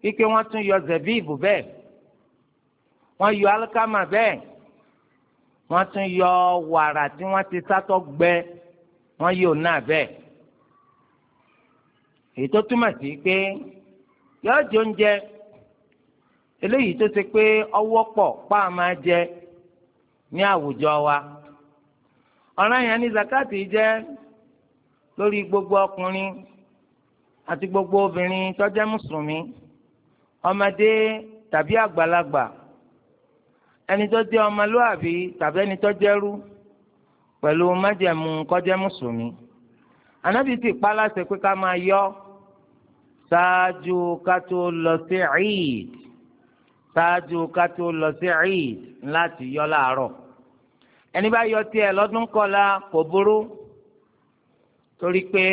kíkẹ́ wọ́n tún yọ zẹ̀bíìbù bẹ́ẹ̀ wọ́n yọ alikama bẹ́ẹ̀ wọ́n tún yọ wàrà tí wọ́n ti sátọ́ gbẹ wọ́n yọ náà bẹ́ẹ̀ èyí tó túmọ̀ sí pé eléyìí tó ṣe pé ọwọ́ pọ̀ páà máa jẹ ní àwùjọ wa ọ̀ràn yẹn ní zakati jẹ́ lórí gbogbo ọkùnrin àti gbogbo obìnrin tó jẹ́ mùsùlùmí ọmọdé tàbí àgbàlagbà ẹni tó jẹ́ ọmọlúàbí tàbí ẹni tó jẹ́rú pẹ̀lú májẹ̀mú kó jẹ́ mùsùlùmí ànábì ti pa láṣẹ pé ká máa yọ ṣáájú ká tó lọ sí Eid ṣáájú ká tó lọ sí eid láti yọ láàárọ̀ ẹni bá yọ tiẹ̀ lọ́dún kọlá kò burú torí pé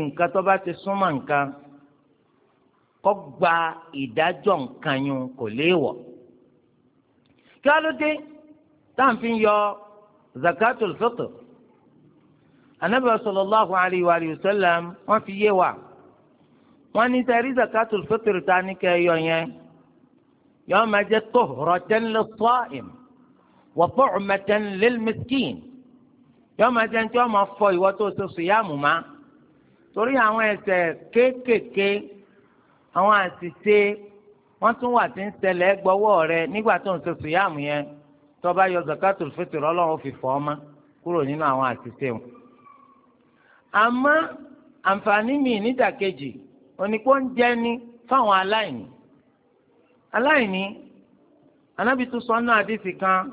nǹkan tó bá ti súnmọ́ nǹkan kọ́ gba ìdájọ́ nǹkan yun kò léèwọ̀ kí wọ́n ló dé táwọn yọ zakatul fitr anabi sallallahu alayhi wa sallam wọ́n fi yé wa wọ́n ní sẹ́rí zakatul fitr ta ní kẹ́ yọ yẹn يوم máa jẹ tuhratan lis للمسكين يوم tu'matan يوم miskin وتوس máa ما ní tí كي كي fọ ìwọ tó ṣe sùyàmù má torí àwọn ẹ̀ṣẹ̀ kéékèèké àwọn àṣìṣe wọn tún wà tí ń ṣẹlẹ̀ gbọ́wọ́ rẹ nígbà tó ń ṣe sùyàmù yẹn tó bá yọ zakatul fitr Ọlọ́run fi fọ ọmọ kúrò nínú àwọn àṣìṣe wọn. àmọ́ àǹfààní mi nídàkejì onípò ń jẹ ní fáwọn aláìní aláìní anábì tún sọ náà àdìsí kan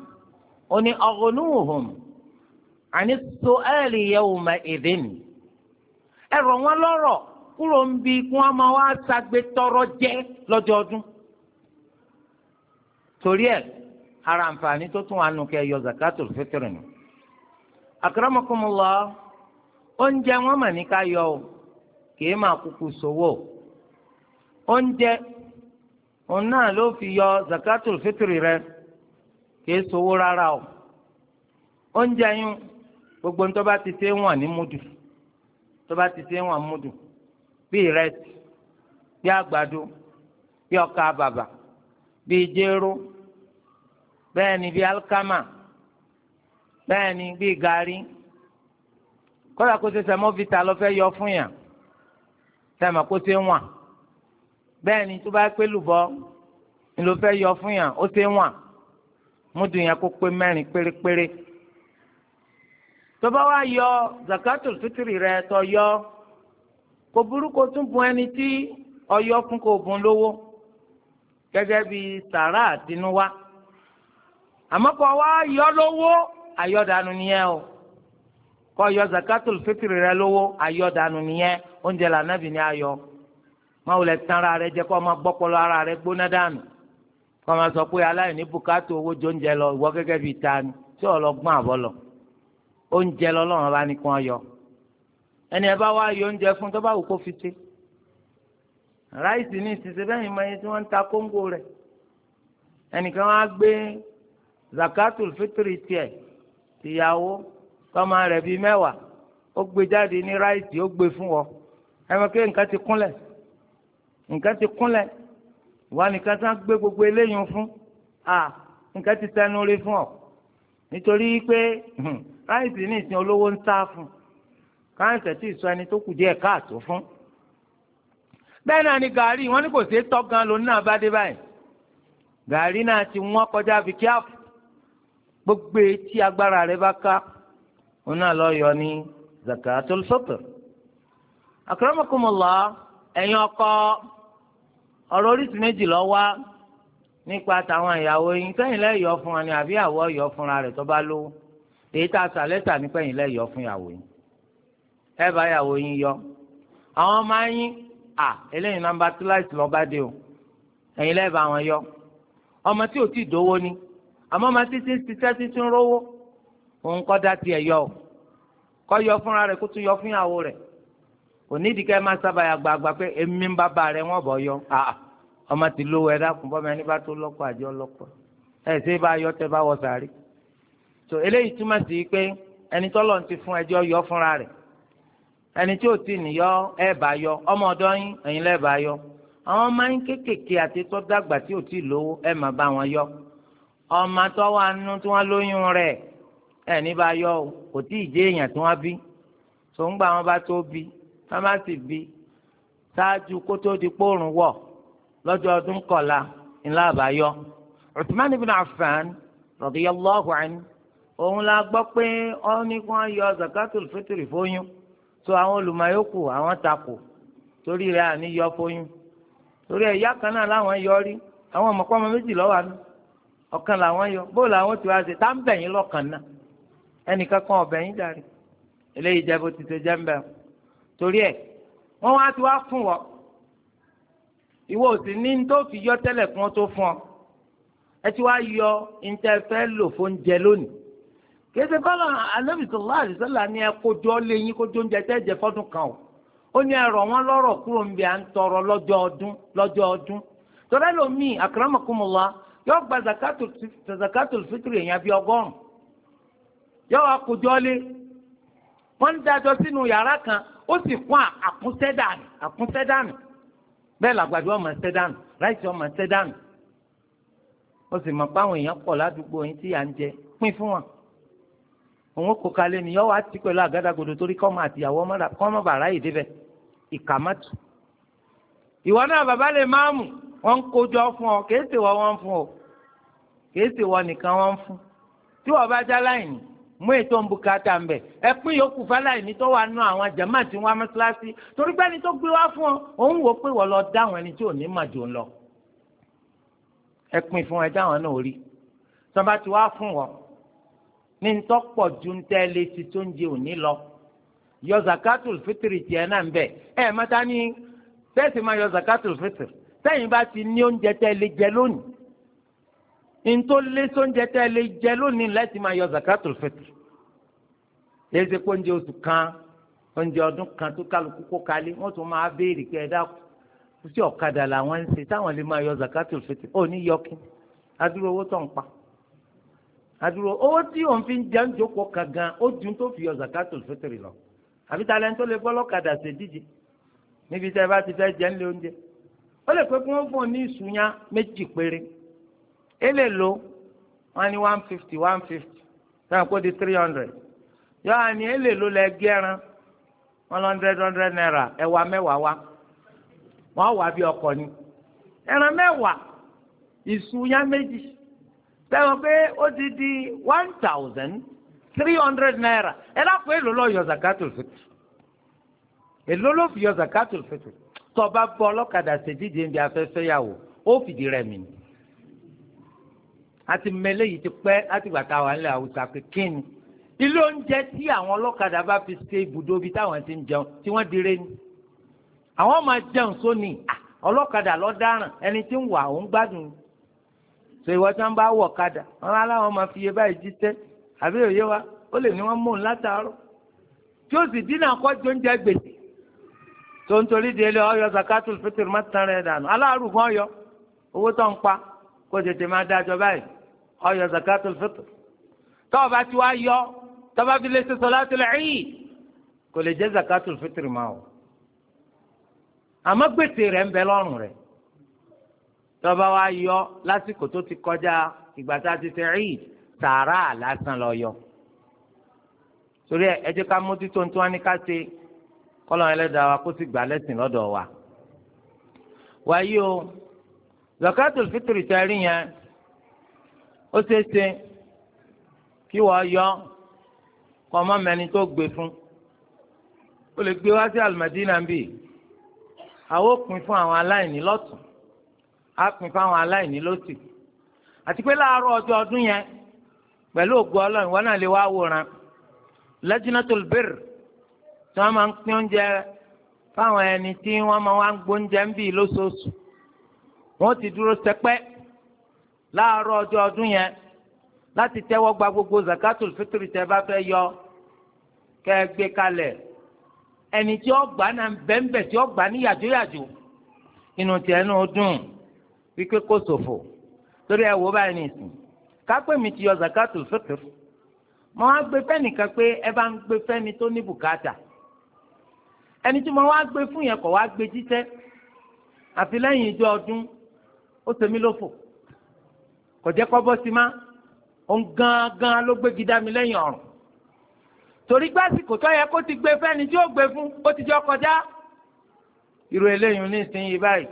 ó ní ọ̀gọ̀nùhùn àní so ẹ̀rì yẹ̀wùmọ̀ èdè ẹ̀rọ wọn lọ́rọ̀ kúrò ń bi kí wọ́n máa wá tọrọ jẹ lọ́dọọdún torí ẹ̀ ara àǹfààní tó tún wà nù yọ zakatul fitr nù akramakumullah oúnjẹ wọn mà ní ká yọ o kì í máa kúkú oúnjẹ òun náà ló fi yọ zakatul fitri rẹ kìí sowó rárá o oúnjẹ yín gbogbo ń tó bá ti ṣe wọn ní múdù tó bá ti ṣe wọn múdù bi ìrẹsì bi àgbàdo bí ọkà bàbà bi jéró bẹ́ẹ̀ ni bí alikama bẹ́ẹ̀ ni bí gari kọ́lá kó ṣe sẹ́mọ́vita lọ fẹ́ yọ fún yàn sẹ́mọ́ kó ṣe bẹ́ẹ̀ ni tó bá pé lùbọ́ ni ló fẹ́ yọ fún yàn ó ṣe wọ̀n múdù yẹn kó pé mẹ́rin pérépéré tó bá wá yọ zakatul fitiri rẹ tó yọ kò burúkú tún bùn ẹni tí ọyọ fún kò bùn lówó gẹ́gẹ́ bí sàrà àtinúwá àmọ́ kò wá yọ lówó àyọ̀dànù nìyẹn o kò yọ zakatul fitiri rẹ lówó àyọ̀dànù nìyẹn oúnjẹ lànà bìíní ayọ̀ máa wulẹ̀ tán ara rẹ jẹ kó máa gbọ́pọ̀lọ́ ara rẹ gbóná dànù kó máa sọ pé aláìní bùkátà owó jọ oúnjẹ lọ ìwọ gẹ́gẹ́ bíi ta ni tí ọlọ́gbọ́n àbọ̀ lọ oúnjẹ lọ́lọ́run bá ní kí wọ́n yọ ẹni ẹ bá wá yọ oúnjẹ fún tó bá wù kó fi ṣe ráìsì ní ìsinsìn bẹ́ẹ̀ mọ iye tí wọ́n ń ta kóńgò rẹ̀ ẹnìkan wá gbé zakatul fitri tiẹ̀ tìyàwó tọ́mọ rẹ̀ bíi mẹ́wàá ó gbé jáde ní ráìsì ó gbé fún ọ ẹ nǹkan ti kúnlẹ̀ wà nìkan tí gbé gbogbo eléyìí fún à nǹkan ti tẹnu rí fún ọ nítorí pé ráìsì ní ìsìn olówó ń sá fún káńsẹ̀ tí ìsọ ẹni tó kù díẹ̀ káàtó fún bẹ́ẹ̀ náà ni gàárì wọ́n ní kò sí tọ́gan lòun náà bá dé báyìí gàárì náà ti wọ́n kọjá fi kí á gbogbo etí agbára rẹ̀ bá ká òun náà lọ yọ ní zakatul fitr akramakumullah ẹyin ọkọ ọ̀rọ̀ oríṣi méjì ló wà nípa tàwọn ìyàwó yín sẹ́yìn lẹ́yọ̀ fún wa ni àbí àwọ̀ yọ̀ fúnra rẹ̀ tó bá lówó èyí tá a sà lẹ́tà nípa ẹ̀yìn lẹ́yọ̀ fún ìyàwó yín ẹ bá ìyàwó yín yọ àwọn ọmọ yín à eléyìí nọ́mbà tíláìsì lọ́ba dé o ẹ̀yìn lẹ́ẹ̀bà wọn yọ ọmọ tí ò tí ì dówó ni àmọ́ ọmọ títí ń ṣiṣẹ́ títí ń rówó òun kọ́ dá tiẹ̀ yọ o kọ́ yọ fúnra rẹ̀ kó tún yọ fún ìyàwó rẹ̀ onídìíkẹ́ máa sábàyà gbàgbà pé èmi ń bàbá rẹ wọ́n bọ̀ yọ ọmọ ti lówó ẹ dákun bọ́mọ ẹni bá tó lọ́kọ àjọ lọ́kọ ẹ ṣe bá yọ tẹ bá wọ sàárì tó eléyìí túmọ̀ sí pé ẹni tọ́lọ̀ ti fún ẹjọ́ yọ fúnra rẹ̀ ẹni tí ò tí ì níyọ ẹ bá yọ ọmọ ọ̀dọ̀ yín ẹ̀yin lẹ bá yọ àwọn ọmọ yín kéékèèké àti tó dàgbà tí ò tí ì lówó ẹ má bá wọn yọ ọmọ tó wà nínú tí wọ́n lóyún rẹ̀ ẹ ní bá yọ o tí ì jẹ́ èèyàn tí wọ́n bí tó ń gbà wọn bá tó bí wọ́n bá sì bí ṣáájú kó tó di pòrùn wọ̀ lọ́jọ́ ọdún kọ̀la ńlá àbáyọ. Uthman ibn Affan radiyallahu anhu òun la gbọ́ pé ó ní kí wọ́n yọ zakatul fitri fóyún tó àwọn olùmọ̀yókù àwọn takò torí rẹ̀ àní yọ fóyún torí ẹ̀ ìyá kan náà láwọn yọ rí àwọn ọmọ kọ́mọ méjì lọ́wọ́ àná ọ̀kan làwọn yọ bóòlù àwọn tí wàá ṣe tá lọ́kàn náà ẹnìkan kan ọ̀bẹ̀yìn dàrí eléyìí jẹ́ bó ti ṣe jẹ́ ń bẹ̀rù. torí ẹ wọ́n wá ti wá fún wọ́ ìwọ òsì ní tó fi yọ tẹ́lẹ̀ fún ọ tó fún ọ ẹ ti wá yọ ìtẹ́fẹ́ lò fún jẹ lónìí kéde ni ẹ kójọ́ léyìn kójọ́ oúnjẹ tẹ́ jẹ fọ́dún kan o ó ní ẹ̀rọ wọn lọ́rọ̀ kúrò ń tọrọ lọjọ ọdún lọjọ ọdún lomi yóò gba fitiri èèyàn bíi yóò wá sínú yàrá kan ó sì kún àkúnṣẹ́dànù àkúnṣẹ́dànù bẹ́ẹ̀ làgbàdo ọmọ ṣẹ́dànù ráìsì ọmọ ṣẹ́dànù ó sì mọ̀ pé àwọn èèyàn pọ̀ ládùúgbò yín tí à ń jẹ pín fún wọn òun kò kalẹ̀ nìyọ́ wa ti pẹ̀lú àgádágodo torí kọ́mọ àtìyàwó kọ́mọ bàrá yìí débẹ̀ ìkàmátù ìwọ náà bàbá lè máa mú wọn ń kójọ fún ọ kèé sì wọn fún ọ kèé sì nìkan wọn fún tí wọn bá já láìní mú ètò nbùkátà ń bẹ ẹ pín yòókù fáláìní tó wà nù àwọn jàmáà tí wọ́n á mọ́sálásí torí pé ẹni tó gbé wá fún ọ òun wò pé wọ́n lọ dá àwọn ẹni tí ò ní màjò ń lọ ẹ pín fún ẹ dáwọn náà rí tọ́ba ti wá fún wọn ní ntọ́pọ̀ ju ń tẹ́ lé ti tó ń jẹ òní lọ yọ zakatul fitiri tiẹ̀ náà ń bẹ ẹ mọ́ta ní tẹ́sí máa yọ zakatul fitiri sẹ́yìn bá ti ní oúnjẹ tẹ́ lé jẹ lónìí ntó lé sóúnjẹ tẹ́ ẹ lè jẹ lónìí láti máa yọ zakatul fitr léṣe pé oúnjẹ oṣù kan oúnjẹ ọdún kan tó kálukú kó kalẹ̀ wọ́n tún máa béèrè pé ẹ dákú sí ọ̀kadà làwọn ń ṣe táwọn lè máa yọ zakatul fitr ó ní yọkí adúrò owó tó ń pa adúrò owó tí òun fi ń jẹ ń jókòó kan gan ó ju tó fi yọ zakatul fitr lọ àbí talẹ̀ ń tó lè gbọ́ lọ́kadà ṣe díje níbi tẹ́ bá ti fẹ́ jẹ́ ńlẹ̀ oúnjẹ ó lè pé kí wọ́n fún ọ ele lo wọn ní one fifty one fifty sọ kó di three hundred yọọ ni ele lo lẹ gẹran one hundred hundred naira ẹwà mẹ́wàá wa wọn wà bí ọkọ ni ẹran mẹ́wàá ìṣù ya méjì sọ pé ó ti di one thousand three hundred naira ẹ lápò èlò lọ yọ zakatul fitr èlò ló fi yọ zakatul fitr tọba bọ ọlọ́kadà ṣèdíje ń bí afẹ́fẹ́ yà wò ó fìdí rẹ̀ mí ni àti mẹ́lẹ́ yìí ti pẹ́ láti gbà tá a wà nílẹ̀ Haúsá pé kíni ilé oúnjẹ tí àwọn ọlọ́kadà bá fi ṣe ibùdó bíi táwọn ti ń jẹun tí wọ́n dire ni àwọn máa jẹun sóni ọlọ́kadà lọ́daràn ẹni tí ń wà ó ń gbádùn so ìwọ tí wọ́n bá wọ̀ kadà wọn aláwọ̀ máa fi iye báyìí jíṣẹ́ àbí òye wa ó lè ní wọ́n mú un látàárọ̀ tí ó sì dínà kọ́jú oúnjẹ gbèsè tó ń torí di ẹlẹ́ ọyọ zakatul fitr má tán rẹ̀ dànù aláàrùn kan yọ owó tó ń pa kó tètè máa dájọ báyìí ọyọ zakatul fitr tọ́wọ́ bá ti wá yọ tọ́wọ́ fi lè ṣe salatul eid kò lè jẹ́ zakatul fitr máa o àmọ́ gbèsè rẹ̀ ń bẹ lọ́rùn rẹ̀ tọ́wọ́ bá wá yọ lásìkò tó ti kọjá ìgbà tá a ti ṣe eid tààrà lásán lọ yọ torí ẹ ẹ jẹ́ ká mójútó ní tí ní ká ṣe kọ́lọ́n ẹlẹ́dàá wa kó sì gbà lẹ́sìn lọ́dọ̀ wa wáyé o zakatul fitr tẹ́rí yẹn. ó ṣeé ṣe kí wọ́n yọ kọ́ ọmọ mẹ́ni tó gbé fún ó lè gbé wá sí alimadina bíi àwọn òpin fún àwọn aláìní lọ́tún á pin fún àwọn aláìní lọ́sì àti pé láàárọ̀ ọjọ́ ọdún yẹn pẹ̀lú ògùn ọlọ́run wọn náà lè wá wòran lajinatul birr tí wọ́n máa ń pín oúnjẹ fáwọn ẹni tí wọ́n máa ń gbóúnjẹ ń bì lóṣooṣù wọ́n ti dúró láàárọ̀ ọjọ́ ọdún yẹn láti tẹ́wọ́ gba gbogbo zakatul fitiri tẹ́ bá fẹ́ yọ kẹ́ ẹ gbé kalẹ̀ ẹni tí ó gbà náà bẹ́ẹ̀nbẹ́ tí ó gbà ní yàjóyàjó inú tiẹ̀ náà dùn wípé kó ṣòfò torí ẹ wò báyìí nìsín kápẹ́ mi ti yọ zakatul fitiri mo wá gbé fẹ́nìkan pé ẹ bá ń gbé fẹ́ni tó ní bùkátà ẹni tí mo wá gbé fún yẹn kọ̀ wá gbé jíṣẹ́ àfi lẹ́yìn ìjọ ọdún ó ṣe lófò kò jẹ́ kọ́ bọ́ sí ma òun gangan ló gbégi dá mi lẹ́yìn ọ̀rùn torí gbásìkò tó yẹ kó ti gbé fẹ́ni tí ó gbé fún ó ti jọ kọjá irú eléyìí ní ìsinyìí báyìí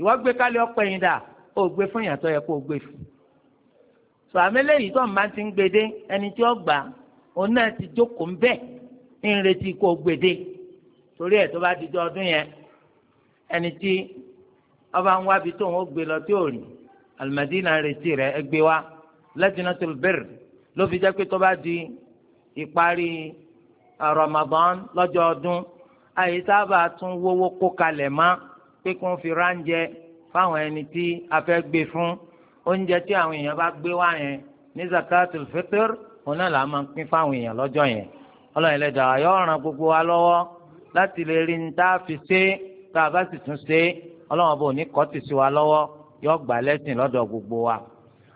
ìwọ gbé kálí ọpẹ yìí dà ó gbé fún ìyàtọ̀ yẹ kó gbé fún sọ àmẹlẹ yìí tó ń bá ti ń gbede ẹni tí ó gbà òun náà ti jókòó ń bẹ ń retí kó gbede torí ẹ tó bá ti jọ ọdún yẹn ẹni tí ọba ń wábi tó ń gbé lọ tí ò rìn alimadina retí rẹ ẹgbẹ́ wa lẹtinatul birr ló fi jẹ́ pé tó bá di ìparí uh, Ramadan lọ́jọ́ ọdún àyè sábà tún wówó kó kalẹ̀ mọ́ pé kí wọ́n fi ránjẹ fáwọn ẹni tí a fẹ́ gbé fún oúnjẹ tí àwọn èèyàn bá gbé wá yẹn ní zakatul fitr òun náà là máa pín fáwọn èèyàn lọ́jọ́ yẹn ọlọ́run ẹlẹ́dàá yọ ọ̀ràn gbogbo wa lọ́wọ́ láti lè rí ní tá a fi ṣe tá a bá sì tún ṣe ọlọ́run ọba ò ní kọ́ tì sí wa lọ́wọ́ yọ gbà lẹ́sìn lọ́dọ̀ gbogbo wa.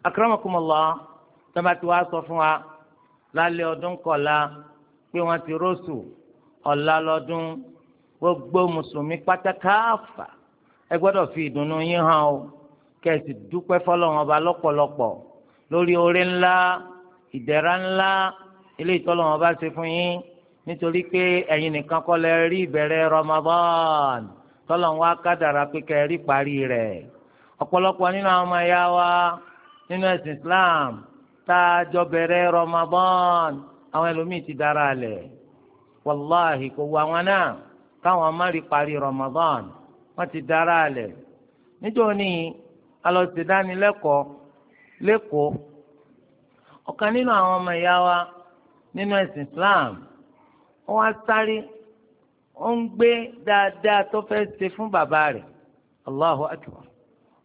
akramakumullah tọ́ba tí wàá sọ fún wa lálẹ́ ọdún kọ̀la pé wọ́n ti rọ́ọ̀sù ọ̀la lọ́dún gbogbo mùsùlùmí pátákáfà ẹ gbọ́dọ̀ fi ìdùnnú yín hàn o kẹ̀sì dúpẹ́ fọlọ́run ọba lọ́pọ̀lọpọ̀ lórí oore ńlá ìdẹ̀ra ńlá ilé ìtọ́lọ́run ọba ṣe fún yín nítorí pé ẹ̀yin nìkan kọ́ lẹ rí ìbẹ̀rẹ̀ Ramadan tọ́lọ́run wá kádàrá pé kẹ́ rí parí rẹ̀. ọ̀pọ̀lọpọ̀ nínú àwọn ọmọ ẹ̀yà wa nínú Islam tá a jọ bẹ̀rẹ̀ Ramadan àwọn ẹlòmíì ti dára lẹ̀ wàláhì kò wù àwọn náà káwọn parí Ramadan wọ́n ti dára lẹ̀ nítorí alọ́sídánilẹ́kọ̀ọ́ lẹ́kọ̀ọ́ ọ̀kan nínú àwọn ọmọ ẹ̀yà wa nínú ẹ̀sìn Islam wá sáré ó ń gbé dáadáa tó fẹ́ ṣe fún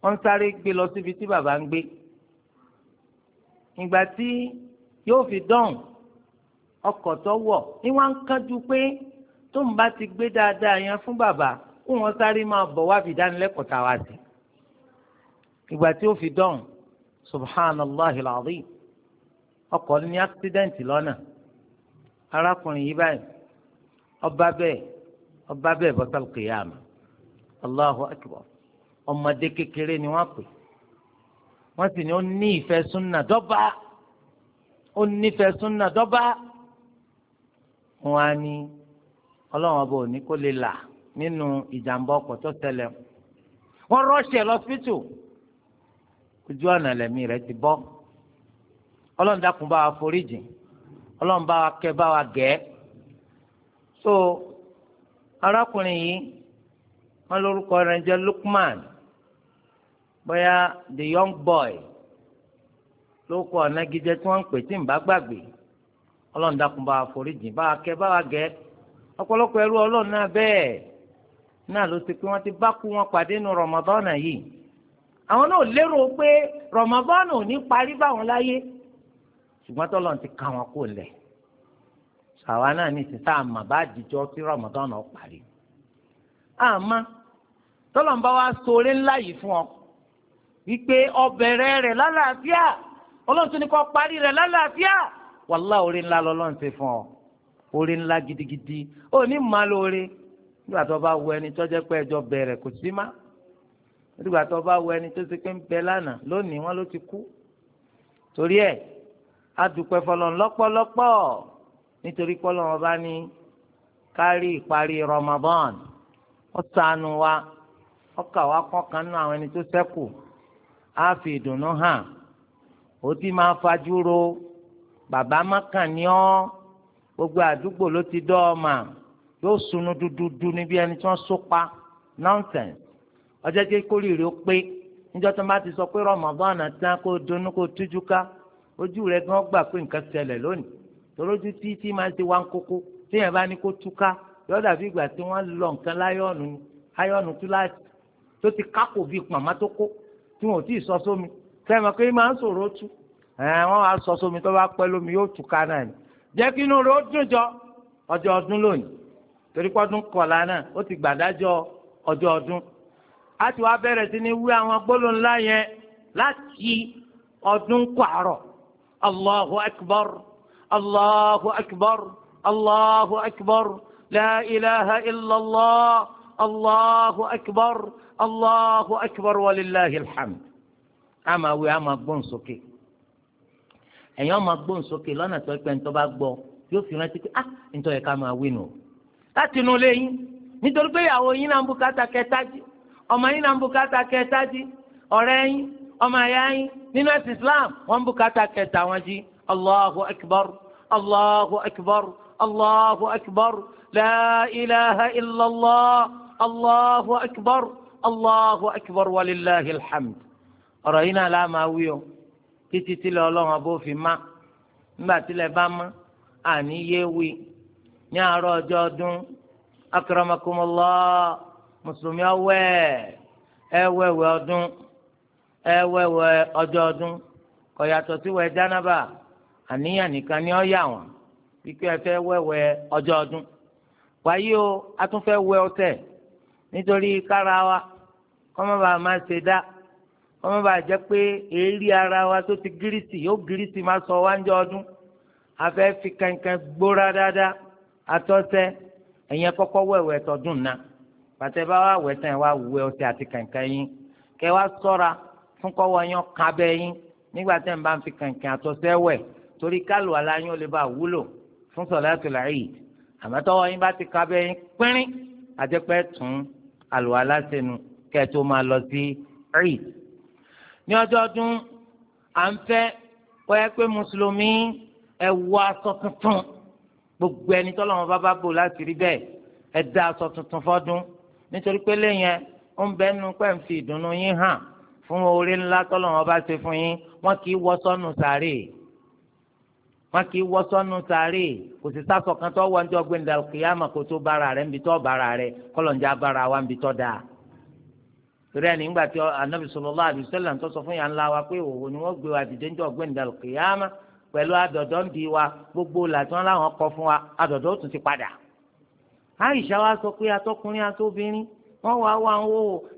wọ́n sáré gbé lọ síbi tí bàbá ń gbé ìgbà tí yóò fi dán ọkọ̀ tó wọ̀ ni wọ́n ń kánjú pé tó ń bá ti gbé dáadáa yẹn fún bàbá kó wọ́n sáré máa bọ̀ wá fi dánilẹ́kọ̀ọ́ tàwa sí ìgbà tí ó fi dán subhanallahi alazim ọkọ̀ ní accident lọ́nà arákùnrin yìí báyìí ọba bẹ́ẹ̀ ọba bẹ́ẹ̀ bọ́sálùkì yá allahu akbar. ọmọdé kékeré ni wọ́n pè wọ́n sì ní ó ní ìfẹ́ súnà dọ́bà ó nífẹ̀ẹ́ súnà dọ́bà wọ́n á ní ọlọ́run ọba òní kó lè là nínú ìjàmbá ọkọ̀ tó wọ́n ojú ọ̀nà lẹ́mí rẹ̀ ti bọ́ ọlọ́run dákun bá so arákùnrin yìí lórúkọ Lukman. bóyá the young boy ló kọ ọ̀nàgídé tí wọ́n ń pè tí ń bá gbàgbé ọlọ́run dákun bá wa foríjìn bá wa bá wa gẹ́ ọ̀pọ̀lọpọ̀ ẹrú ọlọ́run náà bẹ́ẹ̀ náà ló ti pé wọ́n ti bá kú wọn pàdé nu rọmọdọ́nà yìí àwọn náà lérò pé rọmọdọ́nà ò ní parí báwọn láyé ṣùgbọ́n tọ́lọ́run ti ká wọn kó lẹ̀ àwa náà ní sísá àmà bá dìjọ tí rọmọdọ́nà parí àmọ́ tọ́lọ́run bá wa sọ orí ńlá yìí fún ọ wípé ọbẹ̀rẹ̀ rẹ̀ lálàáfíà ọlọ́run tún ní kó parí rẹ̀ lálàáfíà wàlá orí ńlá lọ́lọ́run ti fún ọ orí ńlá gidigidi ó ní màá lóore nígbà tó bá wọ ẹni tó jẹ́ pé ẹjọ́ bẹ̀rẹ̀ kò sí má nígbà tó bá wọ ẹni tó ti pé ń bẹ lánàá lónìí wọn ló ti kú torí ẹ̀ adùpẹ́ fọlọ́n lọ́pọ̀lọpọ̀ nítorí pọ́lọ́n bá ní kárí ìparí Ramadan ó ṣàánú wa ó kà wá kọ́ kan nínú àwọn ẹni tó ṣẹ́kù. á fi ìdùnnú hàn ó ti máa fajúro bàbá gbogbo àdúgbò ló ti dọ́ ọ mà yóò sunu dúdúdú níbi ẹni tí wọ́n sópa nonsense ọjọ́ tí kórìíre ó pé tó ti sọ pé rọmọbọ́ọ̀nà tán kó kó tújú ká ojú rẹ gan gbà pé nǹkan lónìí torójú máa ti wá ń kókó téèyàn bá ní kó ìgbà tí lọ nǹkan láyọ̀nù tó tí wọn ò tí ì sọ sómi sẹ́mi pé máa ń sòro tú wọ́n wá sọ sómi tó bá pẹ́ lómi yóò tú ká náà ni jẹ́ kí inú rẹ̀ ó dùn jọ ọjọ́ ọdún lónìí torí pọ́dún kọ̀ọ̀la náà ó ti gbàdájọ́ ọjọ́ ọdún á ti wá bẹ̀rẹ̀ sí ní wí àwọn gbólóhùn ńlá yẹn láti ọdún kwàrọ̀ allahu akbar allahu akbar allahu akbar la ilaha illallah. الله أكبر الله أكبر ولله الحمد أما وأما بون سكي ẹ̀yin ọmọ gbóhùn sókè lọ́nà tó pẹ́ ntọ́ bá gbọ́ yóò fi rántí pé ah ntọ́ yẹ ká máa wí nù. láti inú ilé yín nítorí pé ìyàwó yín náà ń bùkátà kẹta jí ọmọ yín náà ń bùkátà kẹta jí ọ̀rẹ́ yín ọmọ ẹ̀yà yín nínú ẹ̀sìn Islam wọ́n ń bùkátà kẹta wọn jí Allahu akbar Allahu akbar Allahu akbar la ilaha illallah. الله أكبر الله أكبر ولله الحمد أرأينا لا ما ويو títí tí lọ ọlọ́run fi má nígbà tí bá mọ́ ní àárọ̀ ọjọ́ ọdún akramakumullah mùsùlùmí ọwẹ́ ẹ wẹ̀wẹ̀ ọdún ẹ wẹ̀wẹ̀ ọjọ́ ọdún kò sí wẹ̀ àníyàn o a tún nítorí kára wa kọ́mọ́bà máa ṣe dá kọ́mọ́bà jẹ́ pé èérí ara wa tó ti gírísì yóò gírísì máa sọ wáńjọ ọdún afẹ́ fi kankan gbóra dáadáa atọ́sẹ́ ẹ̀yẹn kọ́kọ́ wẹ̀wẹ̀ tọdún náà pàtẹ́ bá wà wẹ̀ tán ẹ̀ wá wẹ̀ ọṣẹ àti kankan yín kẹ́ wá sọ́ra fún kọ́wọ́ yán kábẹ́ yín nígbà tẹ́ ń bá ń fi kankan àtọ́sẹ́ wẹ̀ torí kálù aláyún lè bá wúlò fún sọ̀lá tòlá yìí àmọ́tọ́wọ́ yín bá ti kábẹ́ yín pínrín àjẹpẹ́ tún àlùwàlá sẹ́nu kẹ́ ẹ tó máa lọ sí Eid. ní ọjọ́ ọdún à ń fẹ́ kọ́ ẹ pé mùsùlùmí ẹ wọ aṣọ tuntun gbogbo ẹni tọ́lọ́run bá bá bò láti rí bẹ́ẹ̀ ẹ dá aṣọ tuntun fọ́dún nítorí pé lẹ́yìn ó ń bẹ́ẹ̀ pẹ́ ń fi ìdùnnú yín hàn fún oore ńlá tọ́lọ́run bá ṣe fún yín wọ́n kì í wọ sọ́nù sàárè wọn kì í wọ sọnù sáré kò sì sásọ kan tó wọ ọjọ́ gbẹndà kìyàmà tó bára tó bára wa níbi tó dáa torí ẹni ńgbà tí fún ńlá wa pé òwò ni wọn gbé wa dìde gbẹndà kìyàmà ń gbogbo kọ fún wa padà àyíṣà wa sọ pé atọkùnrin atóbìnrin wọn wà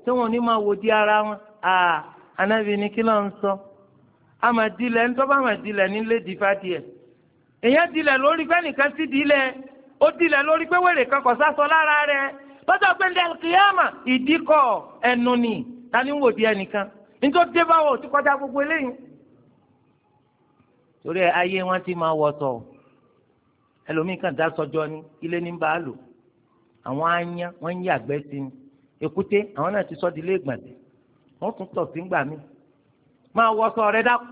tí wọn ò ní máa ara wọn anabi ni èyàn dilẹ̀ lórí pé nìkan sì dilẹ̀ ó dilẹ̀ lórí pé wèrè kan kò sásọ lára rẹ̀ lọ́jọ́ gbẹ̀ndẹ̀ kìyàmà ìdíkọ̀ ẹnu ni tani ń wò di ẹnìkan nítorí dé báwo ti kọjá gbogbo eléyìí. torí ayé wọn ti máa wọtọ ẹlòmíín kan dá sọjọ ní ilé ní bá a lò àwọn aáyán wọn ń yàgbẹ́ sí ni èkúté àwọn náà ti sọ di ilé ìgbàlẹ̀ wọn tún tọ̀ sí gbà mí máa wọṣọ rẹ dákú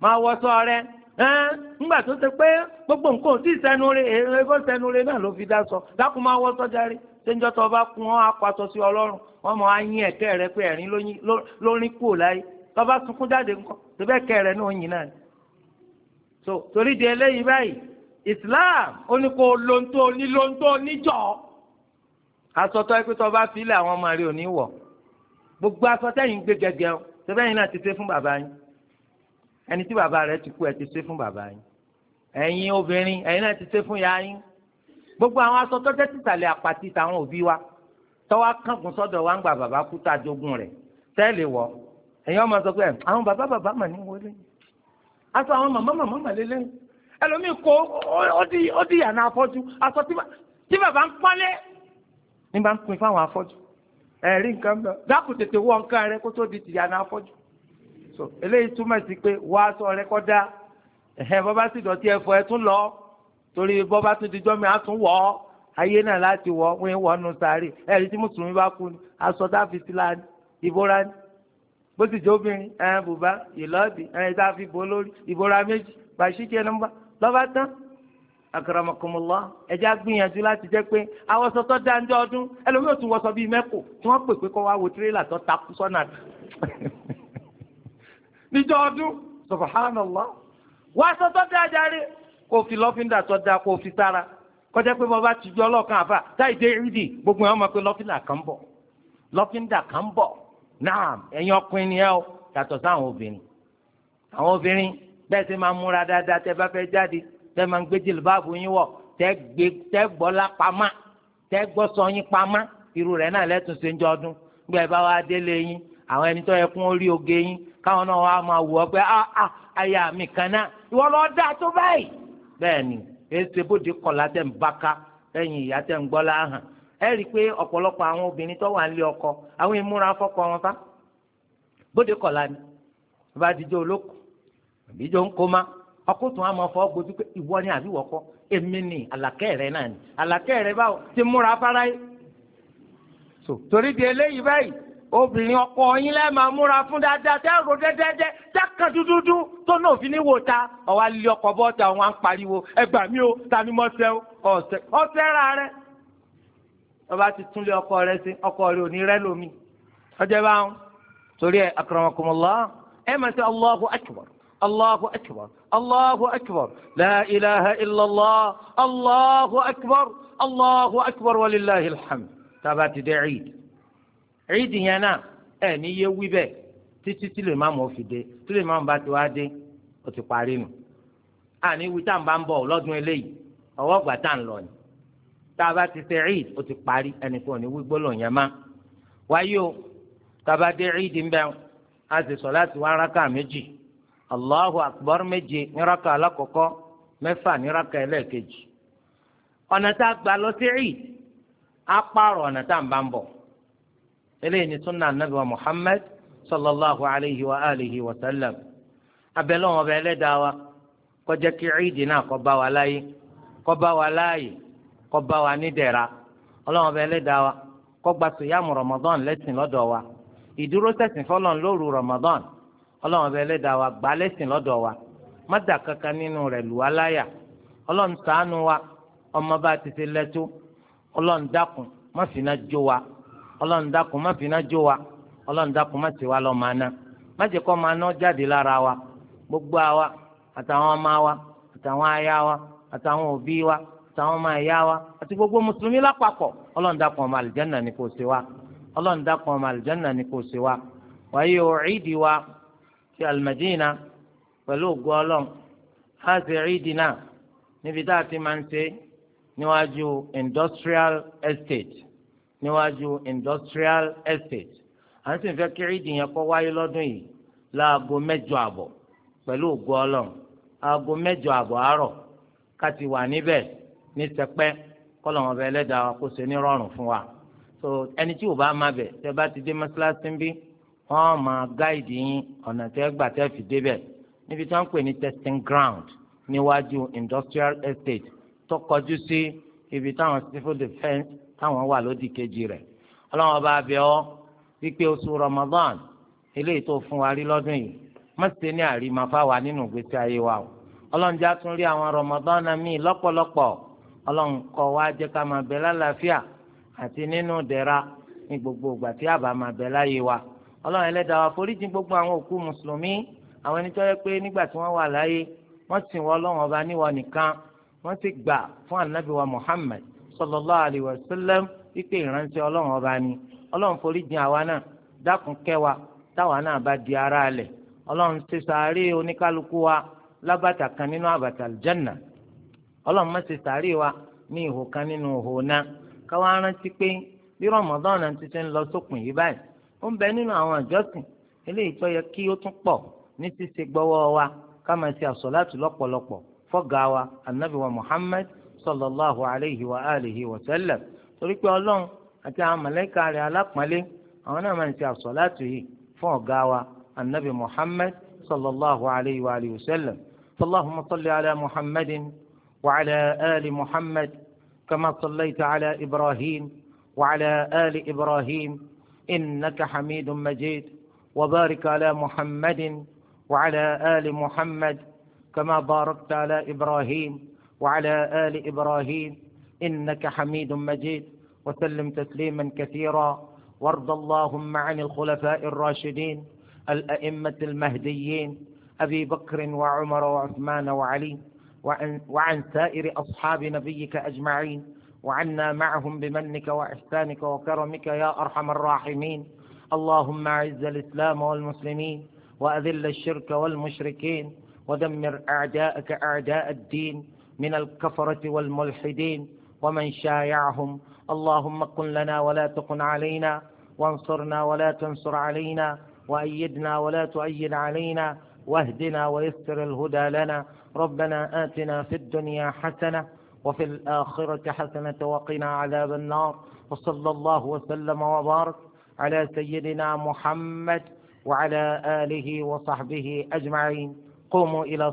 máa wọṣọ rẹ ẹ́n ńgbà tó ṣe pé gbogbo nǹkan ò tí ì sẹ́nu rẹ̀ èrè bó sẹ́nu rẹ̀ náà ló fi dá sọ dákun máa wọ́ sọ́jà rí sẹ́ńjọ́ tó bá kún ọ́ apasọ sí ọlọ́run wọ́n mọ̀ á yín rẹ pé ẹ̀rín lórí kù láyé tó bá sunkún jáde ńkọ́ tó bẹ́ẹ̀ rẹ náà yìn náà ni. so torí di eléyìí báyìí Islam ó ní kó lontó ní lontó níjọ asọtọ ẹ pé tó bá filẹ̀ àwọn ọmọ rẹ ò ní wọ̀ gbogbo asọtẹ́yìn gbé gẹ́gẹ́ o tó bẹ́ẹ̀ yín náà ti ṣe fún bàbá yín ẹni tí bàbá rẹ̀ ti kú ẹ ti ṣe fún bàbá yín ẹ̀yin obìnrin ẹ̀yin náà ti ṣe fún ya yín gbogbo àwọn aṣọ tó jẹ́ tìsàlẹ̀ àpàtì tàwọn òbí wa tọ́wọ́ kángun sọ́dọ̀ wa ń gba bàbá kú tá a jogún rẹ̀ tẹ́lẹ̀ wọ̀ ẹ̀yin ọmọ sọ pé àwọn bàbá bàbá mà ní wọlé aṣọ àwọn màmá màmá mà lé ẹlòmíì kó ó di ìyànà afọ́jú aṣọ tí bàbá ń pọ́nlé ní ń pin fáwọn afọ́jú ẹ̀rí nǹkan bẹ́ẹ̀ dákùn tètè wọ nǹkan rẹ kó tó di ìyànà afọ́jú so eléyìí túmọ̀ sí pé wá aṣọ rẹ kọ́ dá ẹ̀hẹ́ bọ́bá sì dọ̀tí ẹ̀fọ́ ẹ̀ tún lọ torí bọ́bá tún dijọ́ mi á tún wọ̀ ọ́ ayé náà láti wọ̀ wọ́n ń wọ̀ nù sáré ẹ̀rí tí mùsùlùmí bá kú ni aṣọ tá a fi sí láàánú ìbora ni bó sì jẹ́ obìnrin ẹ̀hẹ́n bùbá ìlọ́ọ̀dì ẹ̀hẹ́n tá a fi bò lórí ìbora méjì bàṣíkẹ́ nọ́mbà lọ́ba tán akaramakomola ẹja gbìyànjú láti jẹ pé awọsọ tó dá ní ọdún ẹlòmíràn tún wọṣọ bíi mẹkọ tí wọn pè pé kọ wá wo tirẹlà tó takú sọnà níjọ́ ọdún subhanallah wá aṣọ tó dáa jáde kó fi lọ́fíńdà tó dáa kó fi sára kọjá pé bàbá ti jọ ọlọ́kan àfà táì dé gbogbo ẹ̀ wọ́n bọ̀ lọ́fíńdà bọ̀ náà ẹ̀yin ọkùnrin ni ẹ o yàtọ̀ sáwọn obìnrin àwọn obìnrin bẹ́ẹ̀ máa múra dáadáa bá fẹ́ jáde máa ń gbé yín wọ̀ pamá gbọ́ pamá irú rẹ̀ náà lẹ́tùn ṣe ń káwọn náà wá máa wọ pé àyà ah, ah, mi kan náà ìwọ lọ dá tó báyìí bẹ́ẹ̀ ni bóde kọlá tẹ ń baka ẹyin ìyá tẹ ń gbọ́ láhàn ẹ rí i pé ọpọlọpọ àwọn obìnrin tó wà nílé ọkọ àwọn ìmúra wọn fa bóde kọlá ni bá olóko fọ pé ìwọ ni àbí wọkọ èmi ni àlàkẹ́ rẹ náà ni àlàkẹ́ ti múra fara yìí torí di eléyìí báyìí obìnrin ọkọ yín lẹ́ẹ̀ máa múra fún dáadáa tẹ́ ro dẹ́dẹ́dẹ́ dákan dúdúdú tó náà fi ní wò ta ọ̀wá lé ọkọ̀ bọ́ọ̀tà wọn á ń pariwo ẹgbà mí o tani mọ́ sẹ́ ọ̀sẹ̀ ọ̀sẹ̀ ra rẹ. ọba ti tún lé ọkọ rẹ sí ọkọ rẹ ò ní rẹ lómi ọjọ́ bá ń torí ẹ akramakumullah ẹ máa ṣe Allahu akbar Allahu akbar Allahu akbar la ilaha illallah Allahu akbar Allahu akbar walillahil hamd tábà ti dẹ́ ẹ̀ẹ́d ìdí yẹn náà ẹ ní yé wí bẹ́ẹ̀ títí tí lè má mọ̀ fi dé tí lè má bá ti wá dé ti parí wí tá bá ń eléyìí ni tá a bá ti ṣe ìd ó ti parí ní wí gbólóhùn yẹn má. wáyé o a dé ìd ń a sì sọ láti wá méjì allahu akbar méje ní ní tá a gbà lọ sí eléyìí ni sunna anabi wa muhammad sallallahu alayhi wa alihi wa sallam abẹ́lẹ́ wọn bẹ́ẹ̀ lẹ́dàá wa kó jẹ́ kí ciidi náà kó bá wa láyé kó bá wa láàyè kó bá wa nídẹ̀ra ọlọ́wọ́n bẹ́ẹ̀ lẹ́dàá wa kó gba sùyàmù ramadan lẹ́sìn lọ́dọ̀ wa ìdúró sẹ́sìn fọlọ́n lóru ramadan ọlọ́wọ́n bẹ́ẹ̀ lẹ́dàá wa gbà lẹ́sìn lọ́dọ̀ wa má kankan nínú rẹ̀ lù wá láyà ọlọ́run ṣàánú wa ọmọ bá ti ṣe lẹ́tọ́ ọlọ́run dákun má fi iná jó wa ọlọ́run dákun má finá jó wa ọlọ́run dákun má ti wá lọ́ máa ná má ti kọ́ máa ná jáde lára wa gbogbo àwa àtàwọn ọmọ wa àtàwọn aya wa àtàwọn òbí wa àtàwọn ọmọ ẹ̀yà wa àti gbogbo mùsùlùmí lápapọ̀ ọlọ́run dákun ọmọ àlìjánà ni kò ṣe wa ọlọ́run dákun ọmọ àlìjánà ni kò ṣe wa wàyí o ìdí wa ti almadina pẹ̀lú ògo ọlọ́run á ìdí náà níbi tá a ti máa ń ṣe níwájú industrial estate níwájú industrial estate à ń sì fẹ́ kí ìdí yẹn kọ́ wáyé lọ́dún yìí láago mẹ́jọ àbọ̀ pẹ̀lú ògo ọlọ́run aago mẹ́jọ àbọ̀ àárọ̀ ká ti wà níbẹ̀ ní sẹpẹ́ kọ́lọ́wọ́n bẹ ẹlẹ́dàá kó ṣe ní fún wa so ẹni tí ò bá má bẹ̀ tẹ́ bá ti dé mọ́ṣáláṣí bí wọ́n máa gáìdì yín ọ̀nà tẹ́ gbà tẹ́ fi débẹ̀ níbi tí wọ́n pè ní testing ground níwájú industrial estate tó kọjú sí ibi táwọn civil defence táwọn wà lódì kejì rẹ̀ ọlọ́wọ́n bá bẹ̀ ọ́ wípé oṣù Ramadan eléyìí tó fún wa rí lọ́dún yìí má ṣe ní àrímọ fáwa nínú ìgbésí ayé wa o ọlọ́run já tún rí àwọn Ramadan míì lọ́pọ̀lọpọ̀ ọlọ́run kọ́ wa jẹ́ ká máa bẹ lálàáfíà àti nínú dẹ̀ra ní gbogbo ìgbà tí àbá máa bẹ láyé wa ọlọ́run ẹlẹ́dàá wa foríjì gbogbo àwọn òkú mùsùlùmí àwọn ẹni tó yẹ pé nígbà tí wọ́n wà láyé wọ́n sìn wọ́n ọlọ́run ọba níwọ̀ nìkan wọ́n sì gbà fún ànábì wa Muhammad sallallahu alaihi wasallam wípé ìránṣẹ́ Ọlọ́run ọba ni Ọlọ́run forí jìn àwa náà dákun kẹwa táwa náà bá di ara alẹ̀ Ọlọ́run ṣe sàárè oníkálukú wa lábàtà kan nínú àbàtà aljanna Ọlọ́run má ṣe sàárè wa ní ihò kan nínú ihò náà káwa rántí pé bí Ramadan ti ṣe ń lọ sópin yìí báyìí ó ń bẹ nínú àwọn àjọsìn eléyìí tó yẹ kí ó tún pọ̀ ní ṣíṣe gbọ́wọ́ wa ká máa ṣe àsọ̀láàtù lọ́pọ̀lọpọ̀ fọ́gà wa anabi wa Muhammad صلى الله عليه وآله وسلم torí pé ọlọ́run àti àwọn mọ̀lẹ́kà rẹ̀ alápọ̀nlé àwọn náà máa ń ṣe àsọ̀láàtù yìí fún ọ̀gá wa anabi muhammed sallallahu alayhi wa alihi wa sallam allahumma salli ala muhammadin wa ala ali muhammad kama sallaita ala ibrahim wa ala ali ibrahim innaka hamidun majid wa barik ala muhammadin wa ala ali muhammad kama barakta ala ibrahim. وعلى آل إبراهيم إنك حميد مجيد وسلم تسليما كثيرا وارض اللهم عن الخلفاء الراشدين الأئمة المهديين أبي بكر وعمر وعثمان وعلي وعن, وعن سائر أصحاب نبيك أجمعين وعنا معهم بمنك وإحسانك وكرمك يا أرحم الراحمين اللهم أعز الإسلام والمسلمين وأذل الشرك والمشركين ودمر أعداءك أعداء الدين من الكفرة والملحدين ومن شايعهم اللهم قل لنا ولا تقن علينا وانصرنا ولا تنصر علينا وأيدنا ولا تؤيد علينا واهدنا ويسر الهدى لنا ربنا آتنا في الدنيا حسنة وفي الآخرة حسنة وقنا عذاب النار وصلى الله وسلم وبارك على سيدنا محمد وعلى آله وصحبه أجمعين قوموا إلى